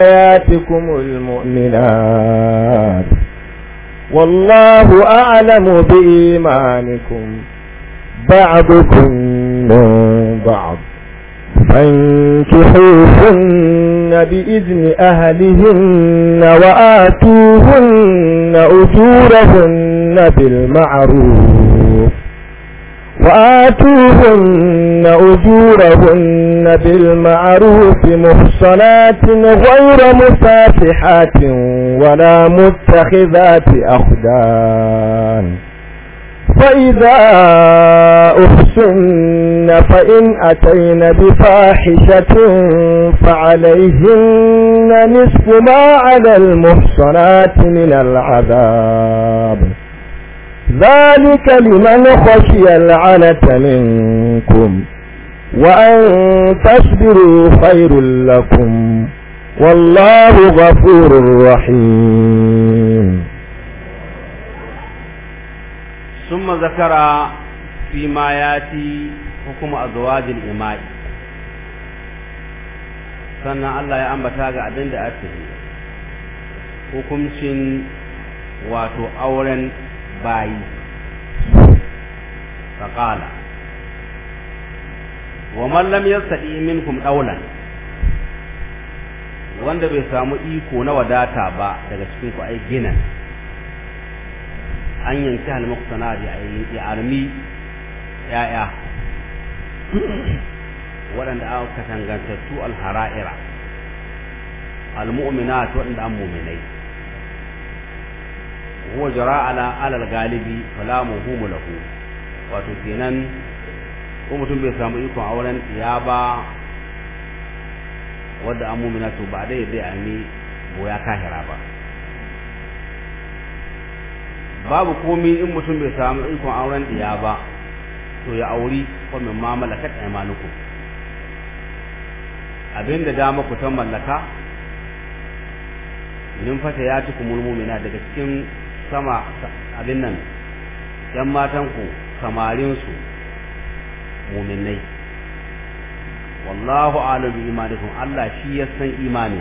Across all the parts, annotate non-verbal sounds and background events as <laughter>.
آياتكم المؤمنات والله أعلم بإيمانكم بعضكم من بعض فانكحوهن بإذن أهلهن وآتوهن أجورهن بالمعروف وآتوهن أجورهن بالمعروف محصنات غير مسافحات ولا متخذات أخدان فإذا أحسن فإن أتين بفاحشة فعليهن نصف ما على المحصنات من العذاب ذلك لمن خشي العنة منكم وأن تصبروا خير لكم والله غفور رحيم ثم ذكر فيما ياتي حكم أزواج الإماء sannan Allah ya ambata ga abin da ake hukuncin wato auren bayi faƙala wa mallam ya saɗi minkum ɗaulan wanda bai samu iko na wadata ba daga cikin ku ai ginan an yanki halmuktana da ya armi ya'ya <coughs> waɗanda aka katangantattu alhara'ira almu'minat waɗanda an muminai huwa jara ala alal galibi fala muhumu lahu wato kenan ko mutum bai samu ikon auren ya ba wadda an mumina to ba dai dai ami boya kahira ba babu komi in mutum bai samu ikon auren ya ba to ya auri ko min ma malakat aymanukum abinda dama ku tan mallaka nin fata ya ci kumul mumina daga cikin sama abin nan yan matan ku samarin muminai wallahu a'lamu imanikum Allah shi ya san imani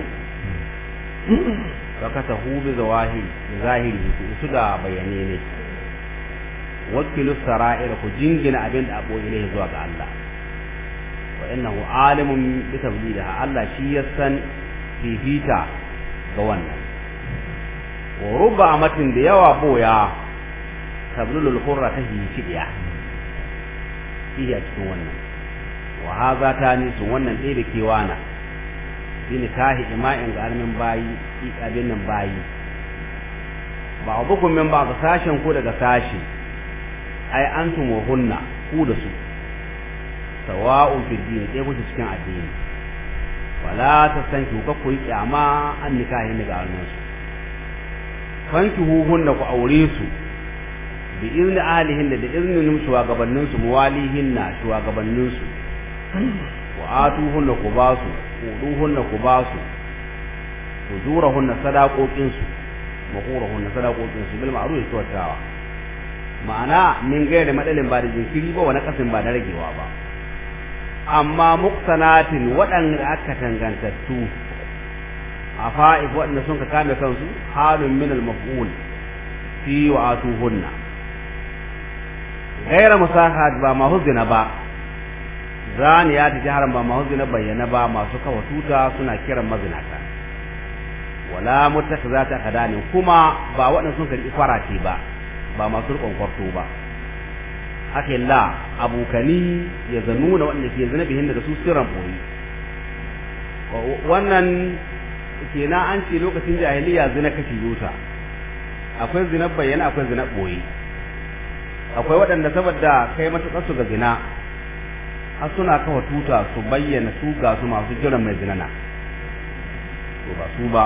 rakata hu bi zahiri su da bayane ne wakilu sara'ir ku jingina abin da abu ilai zuwa ga Allah wa innahu alimun bi tabdiliha Allah shi ya san fifita ga wannan wa ruba matin da yawa boya tablulul hurra ta hinciya iya cikin wannan wa haza ta nisu wannan ɗaya da kewana bi nikahi ima'in ga almin bayi abin nan bayi ba abukum min ba ga sashen ko daga sashi ai antum wa hunna ku da su sawa'un fi din ɗaya kuke cikin addini wala ta san ku ka koyi kyama an nikahi ne ga almin su fankihuhunna ku aure su bi izni ahlihinna da iznin shugabannin su muwalihinna shugabannin su wa atuhunna ku ba su kuduhunna ku ba su ujurahunna sadaqoqin su mahurahunna sadaqoqin su bil ma'ruf tawattawa ma'ana min da madalin ba da jinkiri ba wani kasin ba na ragewa ba amma muqsanatin waɗanda aka tangantattu afa'if waɗanda sun ka kame kansu halun min maful fi wa'atuhunna gaira musahat ba ma huzina ba zaniya ta jaharan ba ma huzina bayyana ba masu kafa tuta suna kiran mazinata wala mutaka zata kadanin kuma ba waɗanda sun karɓi farati ba ba masu riƙon kwarto ba haka la abokani ya zanuna waɗanda ke zanabihin da su sirran boye wannan kenan an ce lokacin jahiliya zina kashi yota akwai zina bayyana akwai zina boye akwai waɗanda saboda kai mata su ga zina har suna kawa tuta su bayyana su ga su masu jiran mai zina na to ba su ba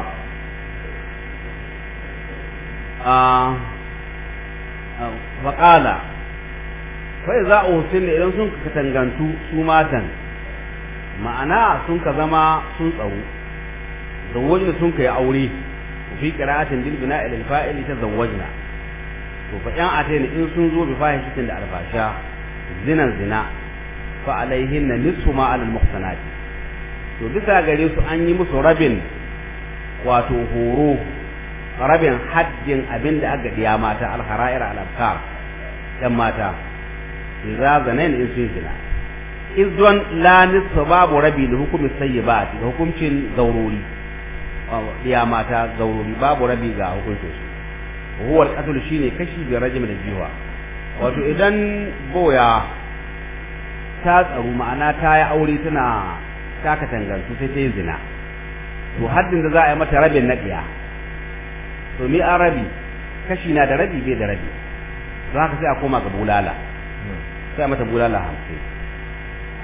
a faƙala kai za a hutun da idan sun katangantu su matan ma'ana sun ka zama sun tsaro zawajna sun kai aure fi qira'atin bil bina'i lil fa'ili tazawwajna to fa yan atayni in sun zo bi fahishatin da alfasha zinan zina fa alaihinna nisfu ma alal muhsanat to bisa gare su an yi musu rabin wato horo rabin haddin abinda aka diya mata alhara'ir al-abkar dan mata idza zanain in sun zina izdon la nisfa babu rabi da hukumin sayyibat da hukuncin zaurori ya mata gaurori babu rabi ga hukuncin su huwar katul shine kashi bi rajim da jiwa wato idan boya ta tsaru ma'ana ta yi aure tana ta katangantu sai ta yi zina to haddin da za a yi mata rabin na ɗaya to mi a rabi kashi na da rabi bai da rabi don haka sai a koma ga bulala sai a mata bulala hamsin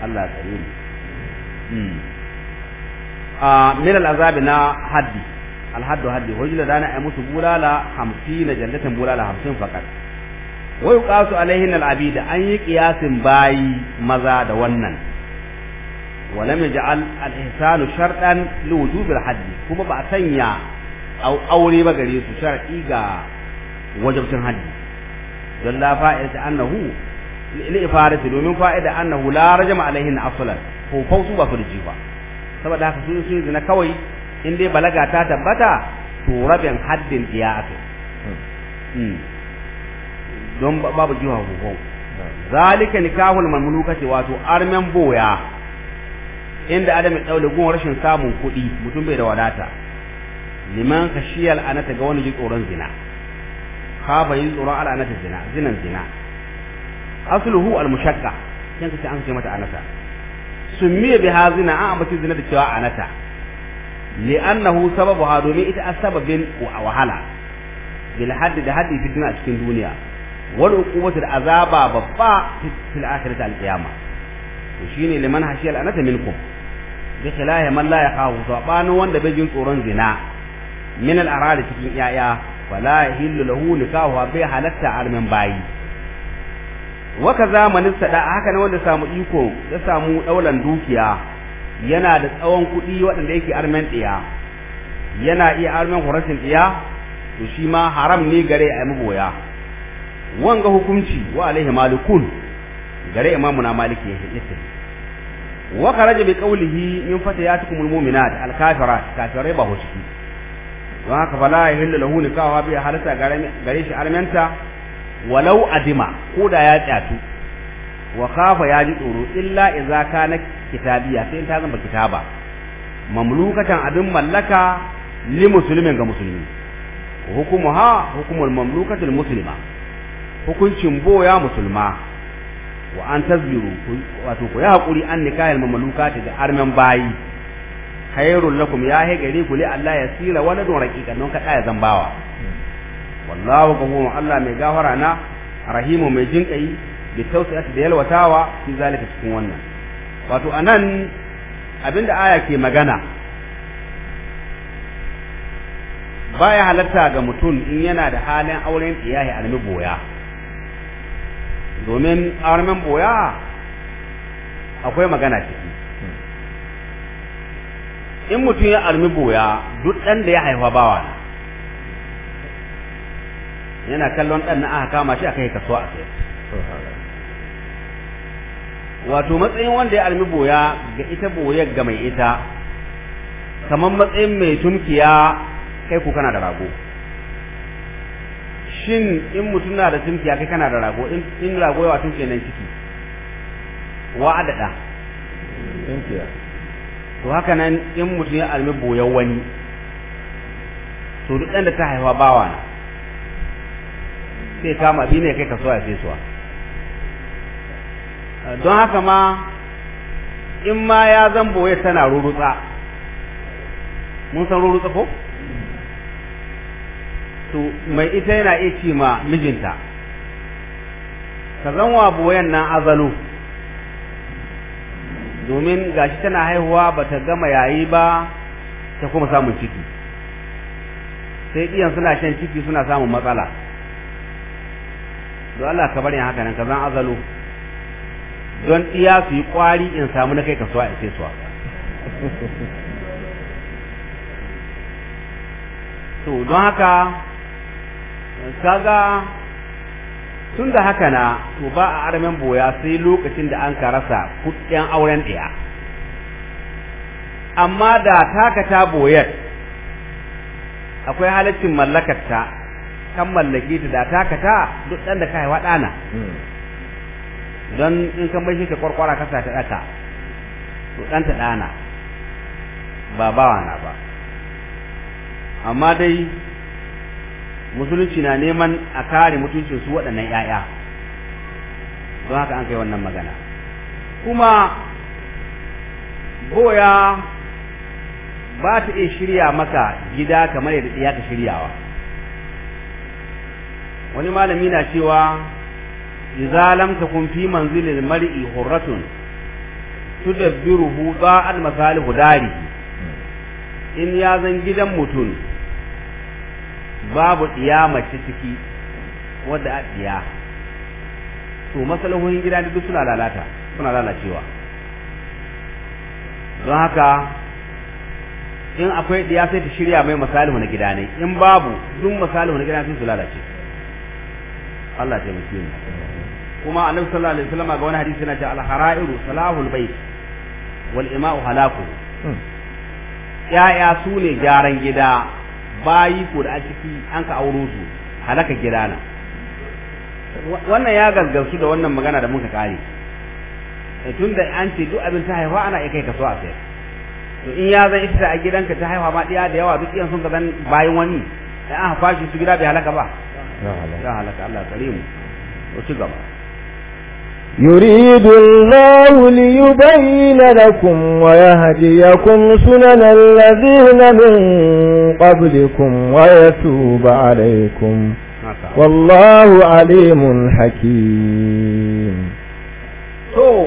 Allah ya tsare ni min al'azabi na haddi alhaddu haddi hujjula dana ay musu bulala 50 jallatan bulala 50 fakat wai qasu alaihin al'abida an yi qiyasin bayi maza da wannan walam yaj'al al-ihsanu shartan li wujubil haddi kuma ba sanya aure ba gare su shar'i ga wajibcin haddi don la fa'ida annahu li ifadati domin fa'ida annahu la rajama alaihin aslan ko fausu ba da jifa saboda haka sun sun zina kawai in dai balaga ta tabbata to rabin haddin biya aka hmm. don babu jiwa hukum zalika nikahul mamlukati wato armen boya inda adam ya daule gun rashin samun kuɗi mutum bai da wadata liman khashiyal anata ga wani ji tsoron zina khaba yin tsoron al'anata zina zinan zina asluhu al mushaqqa kin ka ce an ce mata anata سمي بها زنا أعم زنا بتواء أنتا لأنه سبب هادومي إتا السبب وهلا بالحد ده حد في الدنيا أشكين دنيا والعقوبة العذاب ببا في الآخرة القيامة وشيني لمن هشي الأنة منكم بخلاه من لا يخاف صعبان وند بيجن قرن زنا من الأعراض تكين يا يا فلا يهل له نكاحها بها لتا على من باي waka zamanin sada haka na wanda samu iko ya samu daulan dukiya yana da tsawon kuɗi waɗanda yake armen ɗiya yana iya armen hurasin ɗiya to shi ma haram ne gare a boya. wanga hukunci wa alaihi malikun gare imamu na maliki ya hitta wa kharaja bi qawlihi min fatayatikumul mu'minat al kafirat kafirai ba hukunci don haka fala yahillu lahu nikahu bi halata gare shi armenta walau adima ko da ya tsatu wa khafa ya ji tsoro illa idza kana kitabiya sai ta zama kitaba mamlukatan abin mallaka li musulmin ga musulmi ha hukumul mamlukatil muslima hukuncin boya musulma wa an tazbiru wato ku yi hakuri an nikahil mamlukati da armen bayi khairul lakum ya he gare ku li Allah ya tsira wani don raqiqan non ka ya zambawa wallahu ghafurun Allah mai gafara na rahimu mai jinkai bi tausayat da yalwatawa fi zalika cikin wannan wato anan abinda aya ke magana baya halatta ga mutum in yana da halin auren iyaye almi boya domin armen boya akwai magana ciki in mutum ya almi boya duk ɗan da ya haifa bawa na yana kallon dan na aka kama shi aka yi kasuwa a kai wato matsayin wanda ya almi boya ga ita boyar ga mai ita kamar matsayin mai tunkiya kai ku kana da rago shin in mutum na da tunkiya kai kana da rago in rago yawa tunkiya nan ciki wa adada tunkiya to haka nan in mutum ya almi boyar wani to duk ɗan da ta haifa bawa na sai ta bi ne kai kasuwa a sai suwa don haka ma in ma ya zan ya tana rurutsa mun san rurutsa ko to mai ita yana iya ce ma mijinta ka zanwa boyen nan azalu domin gashi tana haihuwa ba ta gama yayi ba ta kuma samun ciki sai iyan suna shan ciki suna samun matsala don Allah ka bari haka nan ka zan azalo don iya su yi kwari in samu na kai kasuwa suwa ake suwa to don haka kaga tun da haka na to ba a armen boya sai lokacin da an karasa kuɗin auren ɗaya amma da takata boyar akwai halaccin ta kan mallake ta da taka ta duk dan da kai wadana hmm. don in kan bai shi ta kwarkwara kasa ta daka to dan ta dana ba bawa na ba amma dai musulunci na neman a kare mutuncin su waɗannan yaya don haka an kai wannan magana kuma boya ba ta iya shirya maka gida kamar yadda ya ta shiryawa wani malami na cewa idza lam takun fi manzilil mar'i hurratun tudabbiruhu al masalihu dari in ya zan gidan mutum babu diyama mace ciki wadda a diya to masalahohin gida duk suna lalata suna lalacewa don haka in akwai diya sai ta shirya mai masalihu na gida ne in babu duk masalihu na gida sun su lalace Allah ya taimake mu kuma annabi sallallahu alaihi wasallam ga wani hadisi na cewa al-hara'iru salahul bayt wal ima'u halaku hmm. ya'ya su ne gyaran gida bayi ko da a ciki an ka auro su halaka gida na wannan ya gaggausu da wannan magana da muka kare eh, tun da an ce duk abin ta haifa ana iya kai kaso a sayar to in ya zan ita a gidanka ta haifa ma da yawa duk iyan sun ga zan bayan wani an haifa shi su gida bai halaka ba ya halaka Allah kare mu to ci gaba يريد الله ليبين لكم ويهديكم سنن الذين من قبلكم ويتوب عليكم والله عليم حكيم تو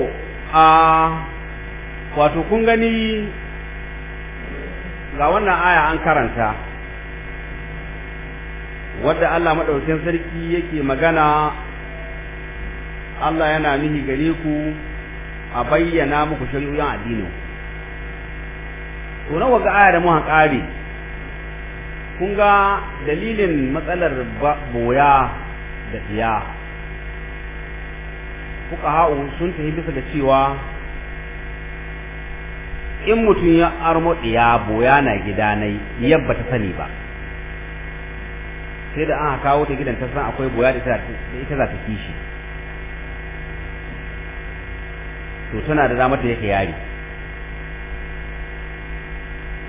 آه واتو كون غني ga wannan aya an karanta wadda Allah madaukakin sarki yake magana Allah yana nihi gare ku a bayyana muku shari'o'in addini. to nawa ga aya da muka kun ga dalilin matsalar boya da tiya kuka ha'u sun tafi bisa da cewa in mutum ya armo ɗiya boya na gida na yabba ta sani ba sai da an kawo ta gidan ta san akwai boya da ita za ta kishi to tana da damar da yake yari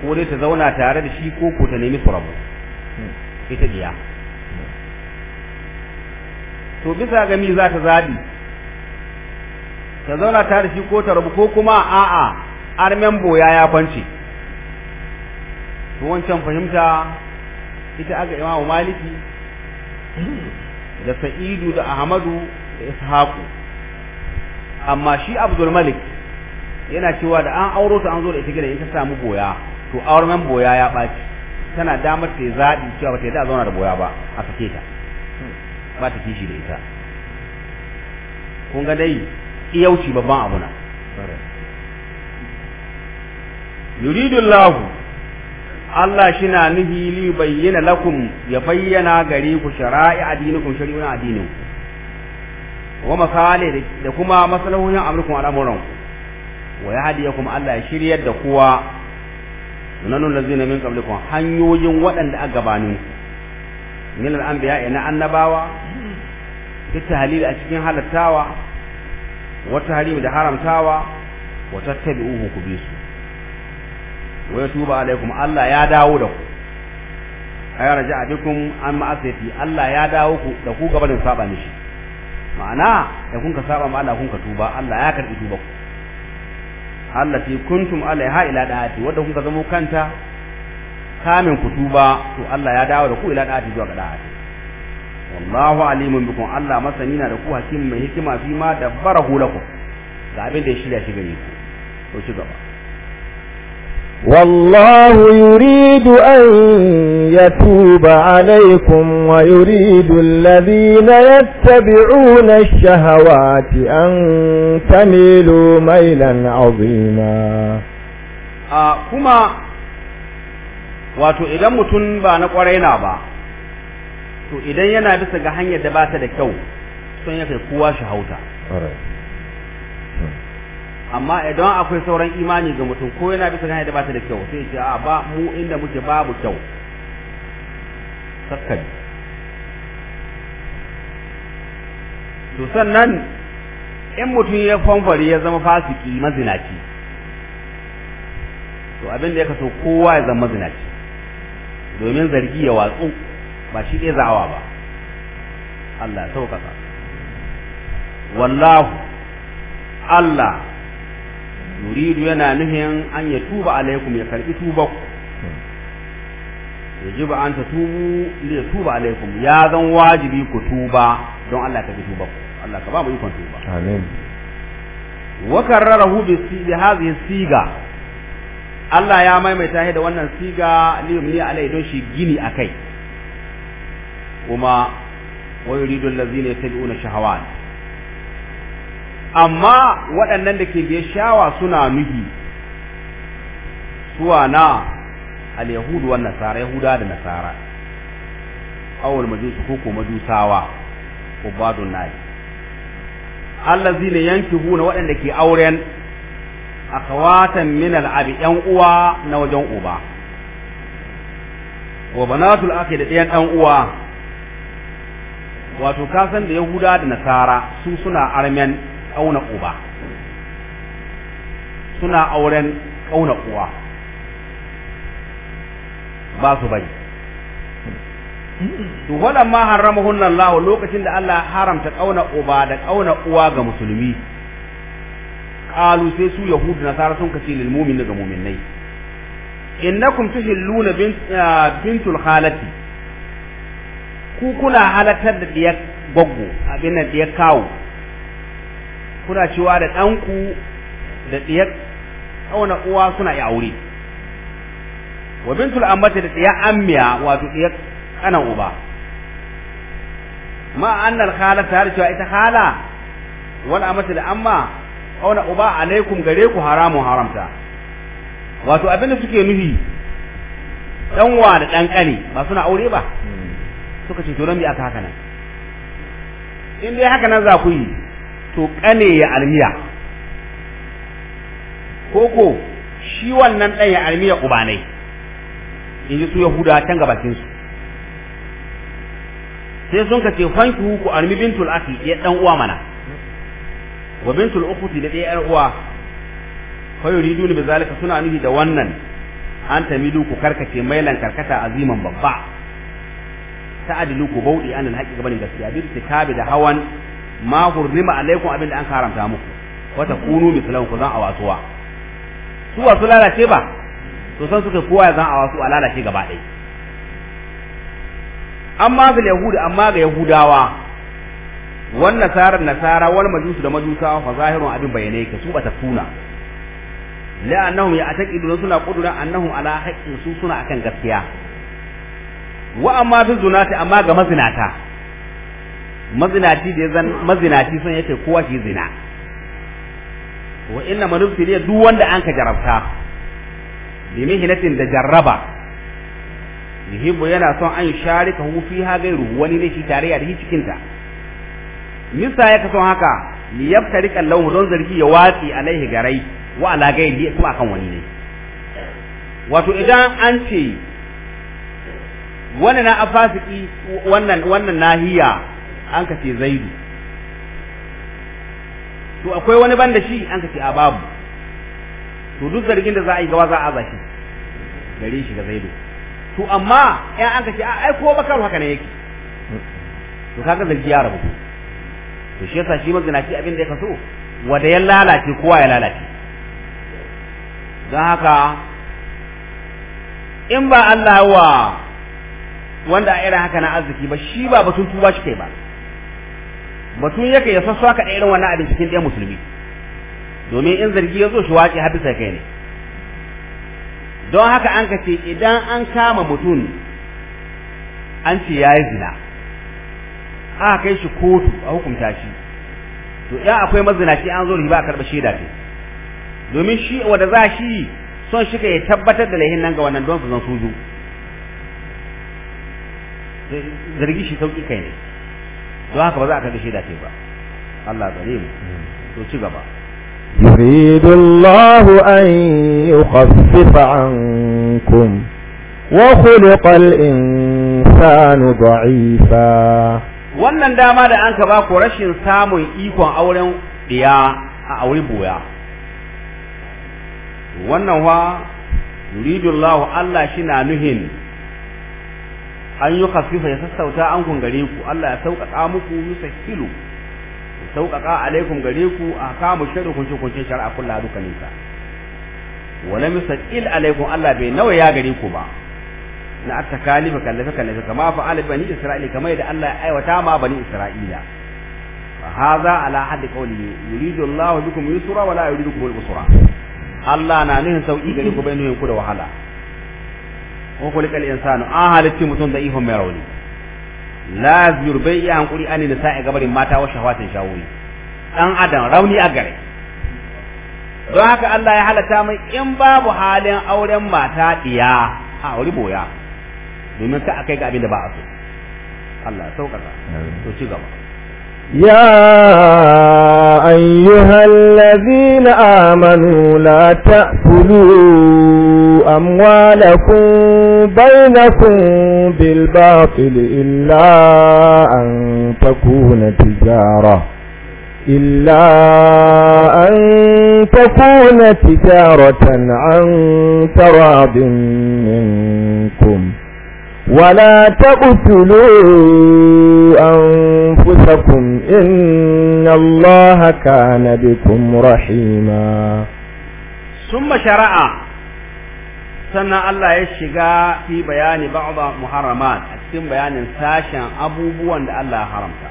ko dai ta zauna tare da shi ko ko ta nemi furabu ita biya to bisa ga mi za ta zabi ta zauna tare da shi ko ta rabu ko kuma a'a armen boya ya kwance to wancan fahimta ita aga imamu maliki da sa'idu da ahmadu da ishaqu amma shi abdul malik yana cewa da an auro ta an zo da ita gidan in ta samu boya to auren boya ya baci tana damar ta zabi cewa ba ta yadda zauna da boya ba a sake ta ba ta kishi da ita kun ga dai iyauci babban abu na yuridullahu Allah shi na nufi li bayyana lakum ya bayyana gare ku shara'i adinikum shari'un addinin wa masale da kuma masalahohin amrukum al'amuran wa ya hadiya kuma Allah ya shiryar da kowa nanun lazina min qablikum hanyoyin waɗanda a gabanin min al'anbiya ina annabawa fi tahlil a cikin halattawa wa tahrim da haramtawa wa tattabi'uhu kubisu wa yatubu alaikum Allah ya dawo da ku ay raja'a bikum an ma'asiyati Allah ya dawo ku da ku gabanin saba mishi ma'ana da kun ka saba ma Allah kun ka tuba Allah ya karbi tuba ku allati kuntum alaiha ila da'ati wanda kun ka zamo kanta kamin ku tuba to Allah ya dawo da ku ila da'ati zuwa ga da'ati wallahu alimun bikum Allah masani na da ku hakim mai hikima fi ma dabbarahu lakum ga abin da ya shirya shi gare ku to ci gaba والله يريد أن يتوب عليكم ويريد الذين يتبعون الشهوات أن تميلوا ميلا عظيما آه كما wato idan mutum ba na kwarai ba to idan yana bisa ga hanyar da bata da kyau sun ya kai kowa shahauta. amma idan akwai sauran imani ga mutum ko yana bisa hanyar da ba ta da kyau sai ya ce a ba mu inda muke babu kyau sakkari to sannan in mutum ya fanfari ya zama fasiki mazinaci to abin da ya kaso kowa ya zama mazinaci domin zargi ya watsu ba shi ɗaya za'awa ba Allah ya sauƙaƙa wallahu Allah yuridu yana nuhin an ya tuba alaikum ya karbi tuba yajibu an ta tubu ya tuba alaikum ya zan wajibi ku tuba don Allah ka bi tuba Allah ka ba mu ikon tuba amin wa karrarahu bi bi hadhihi siga Allah ya maimaita shi da wannan siga li yumli alai don shi gini akai kuma wa yuridu allazina yattabi'una shahawat amma waɗannan da ke biye shawa suna nuhi suwa na al-yahudu nasara yahuda da nasara awul majusu ko ko majusawa zai ne yanki huna waɗanda ke auren akawatan min al-abi yan uwa na wajen uba wa banatul akhi da ɗayan ɗan uwa wato kasan da yahuda da nasara su suna armen ƙauna uba suna auren ƙauna uwa ba su bai to walamma harramahunna Allah lokacin da Allah haramta ƙauna uba da ƙauna uwa ga musulmi qalu sai su yahudu na sara sun kace lil mu'min ga mu'minnai innakum tuhilluna ah, bintul khalati ku kuna halatar da diyar goggo abin da diyar kawo kuna cewa da ɗanku da tsiyar ƙauna uwa suna iya aure wa bintul ammata da tsiyar ammiya wato tsiyar ƙanan uba ma annal khala ta da cewa ita khala wal ammata da amma ƙauna uba alaikum gare ku haramun haramta wato abinda suke nufi nuhi ɗanwa da ɗan ƙani ba suna aure ba hmm. suka ce to don bi aka haka nan in dai haka nan za ku yi to kane ya almiya koko shi wannan ɗan ya almiya ubanai in ji su yahuda can gabakin su sai sun ka ce fanki ku almi bintul aki ya ɗan uwa mana wa bintul ukuti da ɗaya ‘yar uwa fa yuridu ni bizalika suna nufi da wannan an tamilu ku karkace mailan karkata aziman babba ta ta'adilu ku baudi anil haqqi gaban gaskiya bi da hawan ma hurnima alaikum abinda an karanta muku wata kunu mislan ku zan awasuwa su wasu lalace ba to san suka kowa ya zan awasu a lalace gaba ɗaya amma fil yahudi amma ga yahudawa wan nasara nasara wal majusu da majusa fa zahirun abin bayyane yake su bata tuna la'annahum ya'taqiduna suna qudura annahum ala haqqin su suna akan gaskiya wa amma fi zunati amma ga mazinata mazinaci da ya zan mazinaci sun yace kowa shi zina wa inna manufsiriya duk wanda an ka jarabta bi mihnatin da jarraba yuhibbu yana son an sharika hu fiha gairu wani ne shi tarayya da shi cikin ta misa ya kason haka li yaftari kallahu don zargi ya watsi alaihi garai wa ala gairi kuma akan wani ne wato idan an ce wannan na afasiki wannan wannan nahiya an ka ce zaidu to akwai wani ban da shi an ka ce ababu to duk zargin da za a yi gawa za a aza shi gare shi ga zaidu to amma yan an ka ce ai ko bakar haka ne yake to kaga zargi ya rabu to shi yasa shi mazinaci abin da ya kaso wanda ya lalace kowa ya lalace don haka in ba Allah wa wanda a irin haka na arziki ba shi ba batun tuba shi kai ba batun yake ya sassa ka irin wannan abin cikin ɗaya musulmi domin in zargi ya zo shi waƙi sai kai ne don haka an ka ce idan an kama mutum an ce ya yi zina aka kai shi kotu a hukunta shi to ya akwai mazinaci an zo riba a karɓa shaida ce domin shi wanda za shi son shi ka ya tabbatar da laihin nan ga wannan don su zan sojo zargi shi sauƙi kai ne don haka ba za a kaga shaida ce ba Allah gare mu to ci gaba يريد الله أن يخفف عنكم وخلق الإنسان ضعيفا wannan dama da an ka ba ku rashin samun ikon auren diya a aure boya wannan wa yuridullahu Allah shi na nuhin an yi khafifa ya sassauta an kun gare ku Allah ya sauƙaƙa muku yusahhilu sauƙaƙa alaikum gare ku a kamu shirin kunce kunce shar'a kullu dukkanin ka wala misaqil alaikum Allah bai nawa ya gare ku ba na atakali atakalifa kallafa kallafa kama fa ala bani isra'ila kamar da Allah ya aiwata ma bani isra'ila hadha ala hadd qawli yuridu Allah bikum yusra wala yuridu bikum al-usra Allah na nihin sauki gare ku bai nihin ku da wahala wa kulikal insanu an halitti mutum da ihon mai rauni la yurbai iya hankuri an ne sa'i gabarin mata wa shahwatin shawuri dan adam rauni a gare don haka Allah ya halatta mai in babu halin auren mata diya a wuri boya domin ka akai ga abin da ba a so Allah ya saukaka to ci gaba يا أيها الذين آمنوا لا تأكلوا أموالكم بينكم بالباطل إلا أن تكون تجارة إلا أن تكون تجارة عن تراض منكم ولا تقتلوا أنفسكم إن الله كان بكم رحيما ثم شرع sannan Allah ya shiga fi bayani ba'da muharramat a cikin bayanin sashen abubuwan da Allah ya haramta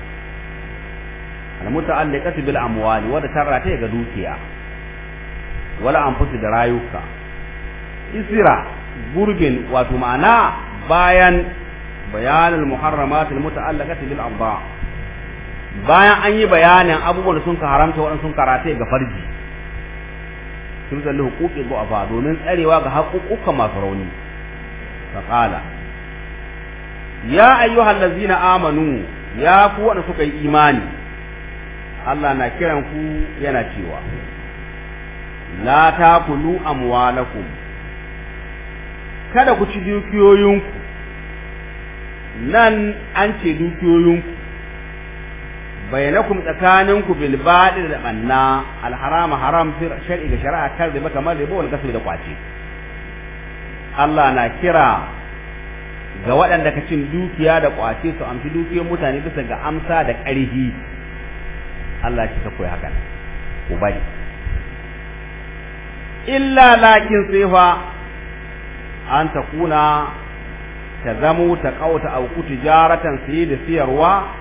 al-muta'alliqatu bil amwali wa da tarata ga dukiya wala anfusi da rayuka isira gurgin wato ma'ana bayan bayanul muharramat al-muta'alliqatu bil amwali bayan an yi bayanin abubuwan da sun haramta waɗansu sun karate ga farji Sun hifzan hukuki zuwa fa domin tsarewa ga haƙuƙukan masu rauni fa qala ya ayyuhal ladzina amanu ya ku wanda suka yi imani Allah na kiran ku yana cewa la takulu amwalakum kada ku ci dukiyoyinku nan an ce dukiyoyinku bainakum tsakaninku bil baɗi da banna al haram haram fi shar'i ga shari'a kar da baka mali wal kasbi da kwace Allah na kira ga waɗanda ka cin dukiya da kwace su amshi dukiyar mutane bisa ga amsa da ƙarhi Allah shi ka koyi hakan ku bari illa lakin sai fa an takuna ta zamo ta kauta au tijaratan sai da siyarwa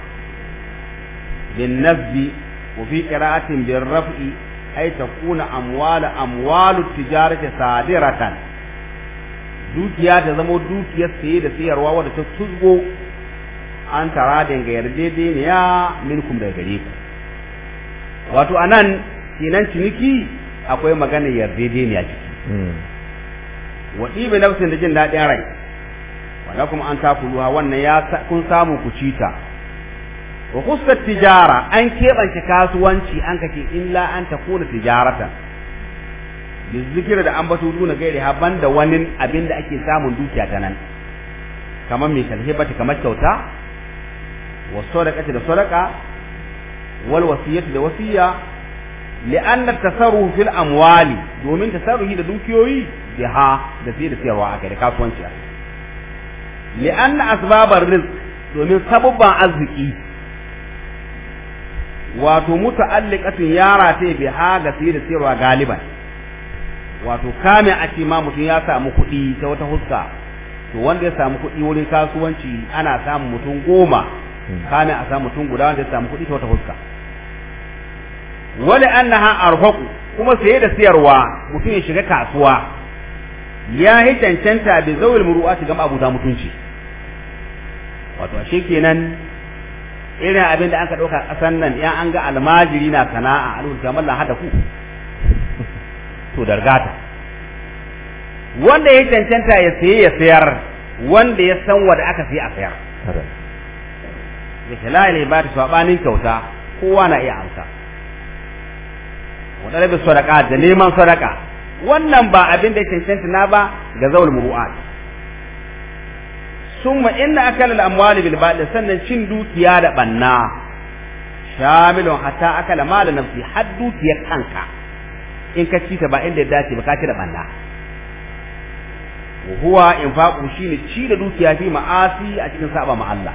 بالنبذ وفي قراءة بالرفع أي تكون أموال أموال التجارة صادرة dukiya ta zama dukiyar saye da sayarwa wadda ta tuzgo an tara daga yarjejeniya minkum daga gare ku wato anan kinan ciniki akwai maganar yarjejeniya ciki wa ɗibe nafsin da jin daɗin rai wanda kuma an takuluwa wannan ya kun samu ku ci ta wa kusa tijara an keɓance kasuwanci an kake illa an ta kuna tijaratan da zikira da an batu nuna gairi haban da wani abin da ake samun dukiya ta nan kamar mai kalhibata kamar kyauta wa sadaqati da sadaqa wal wasiyati da wasiya li'anna tasarruhu fil amwali domin tasarruhi da dukiyoyi biha da sai da sayarwa akai da kasuwanci akai li'anna asbabar rizq domin sababban arziki wato muta'alliqatun yara ta bi ha ga sai da sayarwa galiban wato kame a ce ma mutum ya samu kuɗi ta wata huska to wanda ya samu kuɗi wurin kasuwanci ana samun mutum goma kame a samu mutum guda wanda ya samu kuɗi ta wata huska wani annaha arhaqu kuma saye da sayarwa mutum ya shiga kasuwa ya yi cancanta bi zawil muru'ati gam abu da mutunci wato ashe kenan irin abin da an ka ɗauka ƙasan nan ya an ga almajiri na sana'a a rubuta mallan hada ku to dargata wanda ya cancanta ya sayi ya sayar wanda ya san wanda aka sayi a sayar bisa lalai ba ta sabanin kyauta kowa na iya amsa wanda rabin sadaka da neman sadaka wannan ba abin da ya cancanta na ba ga zaul muru'at sun wa inna akala al-amwali bil batil sannan cin dukiya da banna shamilun hatta akala mala nafsi har dukiyar kanka in ka cita ba inda ya dace ba ka ci da banna huwa infaqu shine ci da dukiya fi ma'asi a cikin saba ma Allah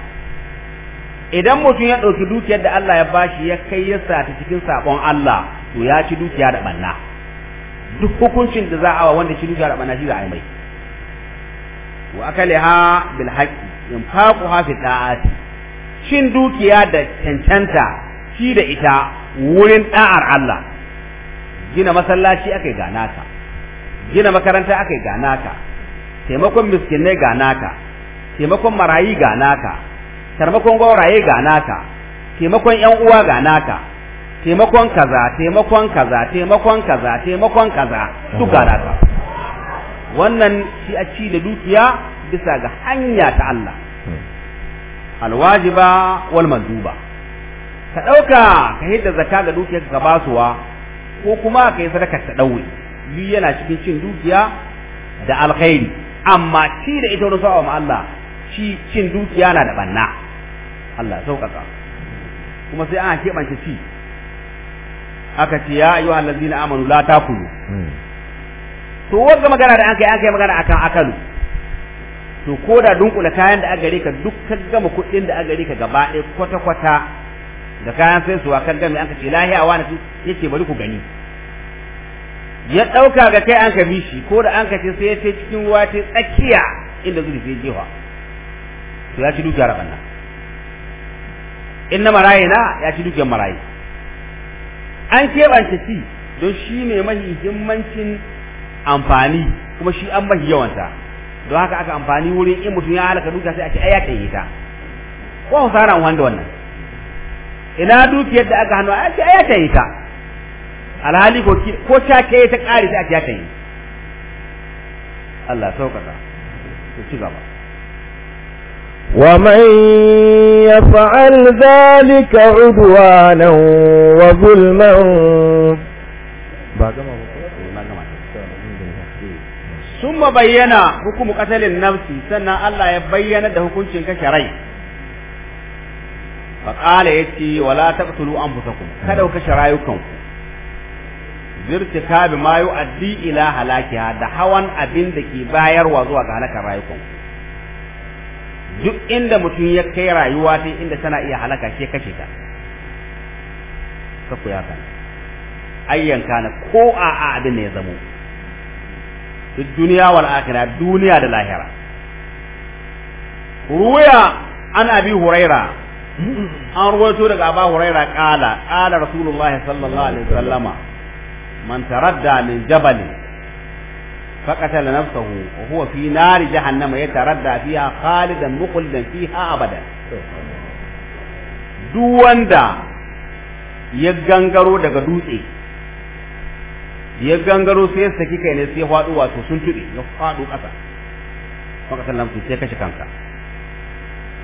idan mutum ya ɗauki dukiyar da Allah ya bashi ya kai ya sata ta cikin sabon Allah to ya ci dukiya da banna duk hukuncin da za a wa wanda ci dukiya da banna shi za a yi mai wa akaliha bil haqqi ha fi da'ati shin dukiya da cancanta shi da ita wurin da'ar Allah gina masallaci akai gana gina makaranta akai gana taimakon miskinai gana taimakon marayi gana ta taimakon gauraye gana taimakon yan uwa gana taimakon kaza taimakon kaza taimakon kaza taimakon kaza duk gana wannan shi a ci da dukiya bisa ga hanya ta Allah alwajiba wal manduba ka ɗauka ka hidda zakka ga dukiyar ka basuwa ko kuma ka yi sadaka ta ɗaure yi yana cikin cin dukiya da alkhairi amma ci da ita wani sa'a ma Allah ci cin dukiya na da banna Allah sauƙaƙa kuma sai an keɓance ci aka ce ya ayyuhal ladzina amanu la takulu hmm. to wanda magana da an kai an kai magana akan akalu to ko da dunkula kayan da aka gare ka duk ka gama kuɗin da aka gare ka gaba ɗaya kwata kwata da kayan sai su kan gami an ka ce lahiya wani su yace bari ku gani ya ɗauka ga kai an ka bi shi ko da an ka ce sai ya ce cikin ruwa ta tsakiya inda zuri sai jefa to ya ci dukiya raban banna in na ya ci dukiyan marayi an keɓance ci don shi ne mahimmancin. amfani kuma shi an bashi yawansa, don haka aka amfani wurin in mutum ya halaka duka sai a ce ai ya kai ta ko fara an wanda wannan ina dukiyar da aka hannu a ce ai ya kai ta alhali ko ko ta kai ta kare sai a ce ya kai Allah saukaka to ci gaba ومن يفعل ذلك عدوانا وظلما بعد ما summa bayyana hukumu qatalin nafsi sannan Allah ya bayyana da hukuncin kashe rai baƙala ya ce wala taqtulu anfusakum kada ku kashe rayukanku birtikabi ma yu'addi ila halakiha da hawan abin da ke bayarwa zuwa ga halakar rayukanku duk inda mutum ya kai rayuwa ta inda tana iya halaka shi kashe ta kaku ya kan ayyanka na ko a'a abin da ya zamo fi duniya wal akhirah duniya da lahira ruya an abi huraira an ruwaito daga aba huraira kala kala rasulullahi sallallahu alaihi wasallama man taradda min jabal فقتل wa وهو في نار جهنم يتردى فيها خالدا مخلدا فيها ابدا duk wanda ya gangaro daga dutse ya gangaro sai ya saki kai ne sai faɗo wato sun tuɗe ya faɗo ƙasa maka Sallam lamtu sai kashe kansa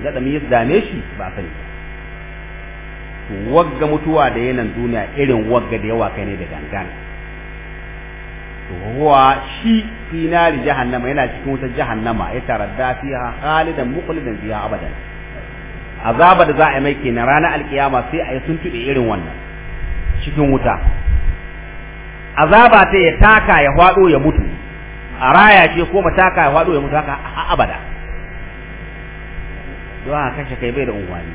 da ɗami ya dame shi ba a sani ba wagga mutuwa da yanan duniya irin wagga da yawa kai ne da gangan huwa shi finari jahannama yana cikin wutar jahannama ya taradda fiha halidan muqlidan fiha abadan azaba da za a yi mai kenan ranar alkiyama sai a yi sun tuɗe irin wannan cikin wuta azaba ta ya taka ya hwado ya mutu a raya ce ko taka ya hwado ya mutu haka a abada don a kashe kai bai da unguwani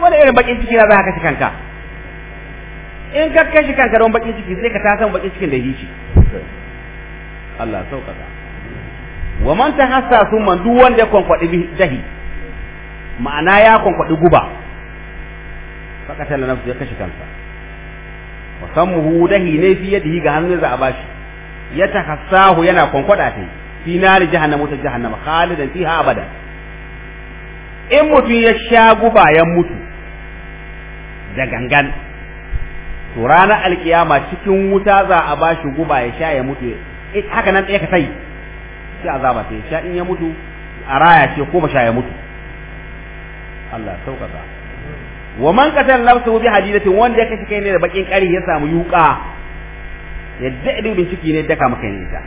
wani irin bakin ciki na za ka kashe kanka in ka kashe kanka don bakin ciki sai ka san bakin cikin da hici Allah sauƙaƙa wa man tahassa summa duk wanda ya kwankwadi jahi ma'ana ya kwankwadi guba na nafsu ya kashe kansa musammuhu dahi ne fi yadihi ga hannun za a bashi ya takassahu yana kwankwada ta fi nari jahannama ta jahannama khalidan fiha abada in mutum ya sha guba ya mutu da gangan to ranar alkiyama cikin wuta za a bashi guba ya sha ya mutu eh, haka nan tsaye ka sai sai azaba sai sha in ya mutu a raya ce ko ba sha ya mutu Allah sauƙaƙa wa man qatal nafsuhu bi hadidatin wanda ya kashi kai ne da bakin kari ya samu yuka yadda ido bincike ne daka maka ne ta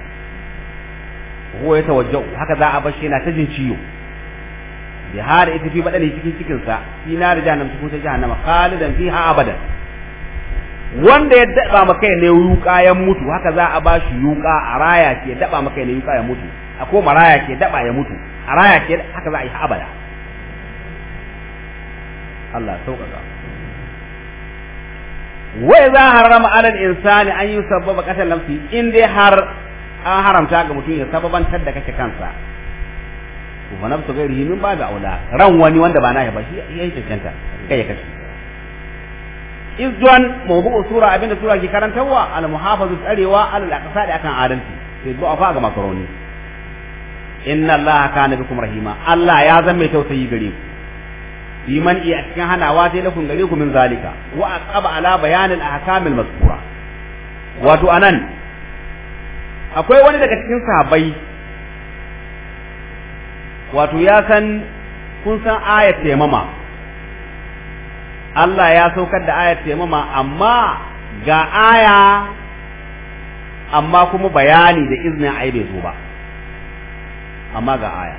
ko ya tawajjau haka za a bar shi yana ta jin ciwo bi har ita fi badani cikin cikin sa fi da jahannam cikin ta jahannam khalidan fiha abadan wanda ya daba maka ne yuka ya mutu haka za a ba shi yuka a raya ke daba maka ne yuka ya mutu a ko maraya ke daba ya mutu a raya ke haka za a yi abada Allah sauƙaƙa wai za a harama alal insani an yi sababa kasar nafsi in dai har an haramta ga mutum ya sababantar da kashe kansa to fa nafsu gairi min ba da aula ran wani wanda ba na ya ba shi ya yi cancanta kai ya kashe izduwan mawdu'u sura abinda sura ke karantarwa al muhafazu tsarewa al aqsadi akan adalci sai du'a fa ga makaroni inna allaha kana bikum rahima allah ya zama mai tausayi gare ku fi man iya cikin hanawa sai lakum gare ku min zalika wa aqaba ala bayanil ahkamil mazkura wato anan akwai wani daga cikin sahabbai wato ya san kun san ayat taimama Allah ya saukar da ayat taimama amma ga aya amma kuma bayani da iznin ai bai zo ba amma ga aya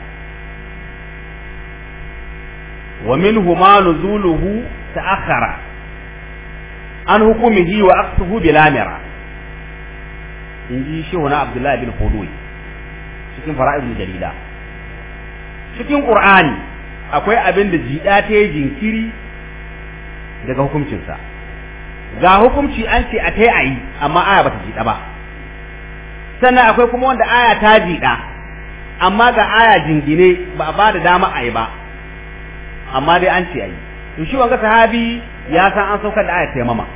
Wa min huma ومنهما نزوله تأخر عن حكمه وأقصه بالامرة inji na Abdullahi bin Hudoyi cikin fara'izul jarida cikin Qur'ani akwai abin da jida ta jinkiri daga hukuncinsa ga hukunci an ce a tai ayi amma aya bata jida ba sannan akwai kuma wanda aya ta jida amma ga aya jingine ba a ba da dama ayi ba amma dai an ce ayi to shi wanga sahabi ya san an saukar da ayat taimama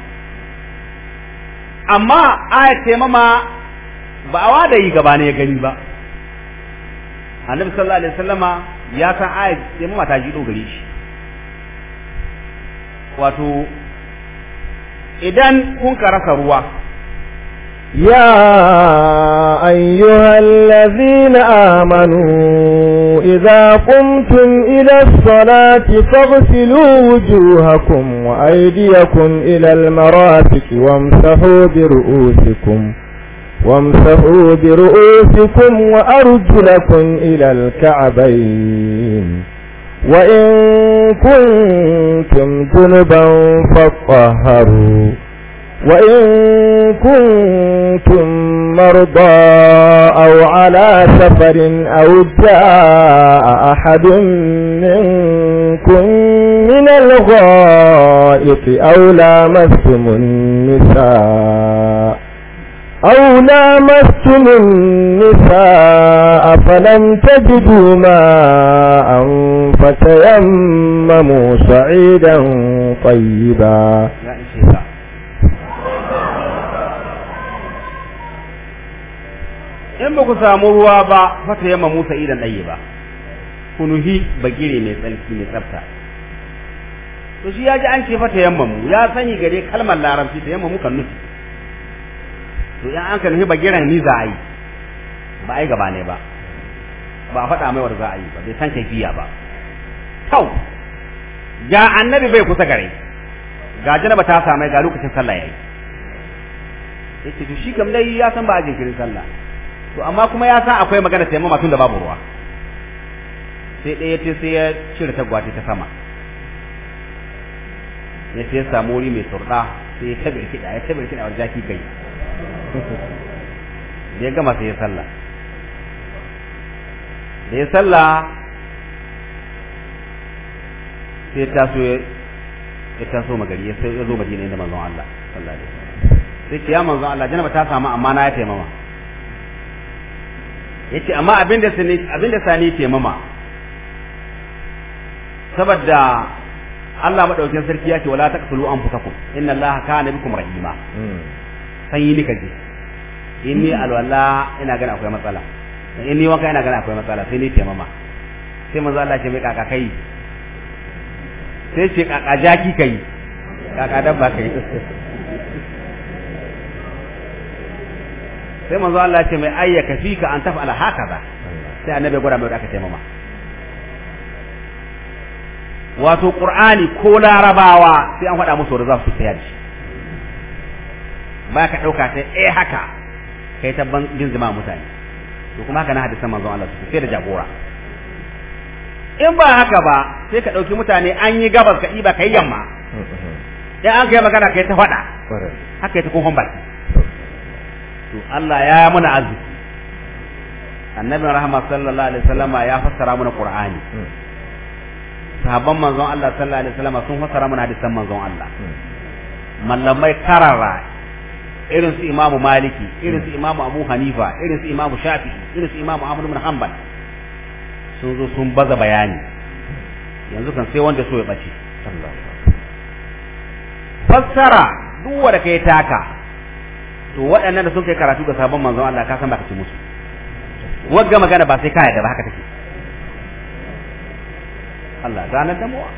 amma ayat taimama ba a wada yi gaba ne ya gani ba annabi sallallahu alaihi wasallama ya san ayat taimama ta jido gare shi wato idan kun ka rasa ruwa يا أيها الذين آمنوا إذا قمتم إلى الصلاة فاغسلوا وجوهكم وأيديكم إلى المرافق وامسحوا برؤوسكم وامسحوا برؤوسكم وأرجلكم إلى الكعبين وإن كنتم جنبا فاطهروا وإن كنتم مرضى أو على سفر أو جاء أحد منكم من الغائط أو لامستم النساء أو لامستم النساء فلم تجدوا ماء فتيمموا سعيدا طيبا in ba ku samu ruwa ba fata yamma musa idan ɗaye ba kunuhi bagire mai tsarki mai tsafta to shi ya ji an ce fata yamma mu ya sani gare kalmar larabci ta yamma mu kan nufi to in an kan nufi bagiren ni za a yi ba a yi gaba ne ba ba a faɗa mai wa za a yi ba bai san kaifiya ba kau ya annabi bai kusa gare ga janaba ta samai ga lokacin sallah yayi yake to shi kam dai ya san ba a jinkirin sallah to amma kuma ya san akwai magana taimama tun da babu ruwa sai ɗaya ce sai ya cire tagwati ta sama ya ce ya samu wuri mai surda sai ya tabir kiɗa ya tabir kiɗa wa jaki kai da ya gama sai ya sallah da ya sallah sai ta so ya ta so magari ya zo madina inda manzon Allah sallallahu alaihi wasallam sai ya manzon Allah janaba ta samu amma na ya taimama yace amma abinda sani abinda sani mama saboda Allah madaukin sarki yake wala taqtulu anfusakum inna Allah kana bikum rahima hmm. san yi nika je inni alwala ina gana akwai matsala inni wanka ina gana akwai matsala sai ni mama sai manzo Allah ce mai kaka kai sai ce kaka jaki kai kaka dabba kai <laughs> sai manzo Allah ce mai ayyaka fika an taf'ala hakaza sai annabi gwada mai aka taimama wato qur'ani ko larabawa sai an faɗa musu da za su tsaya da ba ka ɗauka sai eh haka kai tabban jinzima mutane to kuma haka na hadisan manzon Allah su sai da jagora in ba haka ba sai ka ɗauki mutane an yi gabas ka ɗiba ka yi yamma <laughs> in an kai magana ka yi ta faɗa haka ya ta kohon baki to Allah ya mana arziki annabin rahama sallallahu alaihi wasallama ya fassara mana qur'ani hmm. sahabban manzon Allah sallallahu alaihi wasallama sun fassara mana hadisan manzon Allah hmm. mallamai karara irin su imamu maliki irin su hmm. imamu abu hanifa irin su imamu shafi'i irin su imamu ahmad bin hanbal sun zo sun baza bayani yanzu kan sai wanda so ya bace fassara duk wanda kai taka to waɗannan da sun kai karatu ga sabon manzon Allah ka san ba ka ci musu wagga magana ba sai ka yarda ba haka take Allah ranar damuwa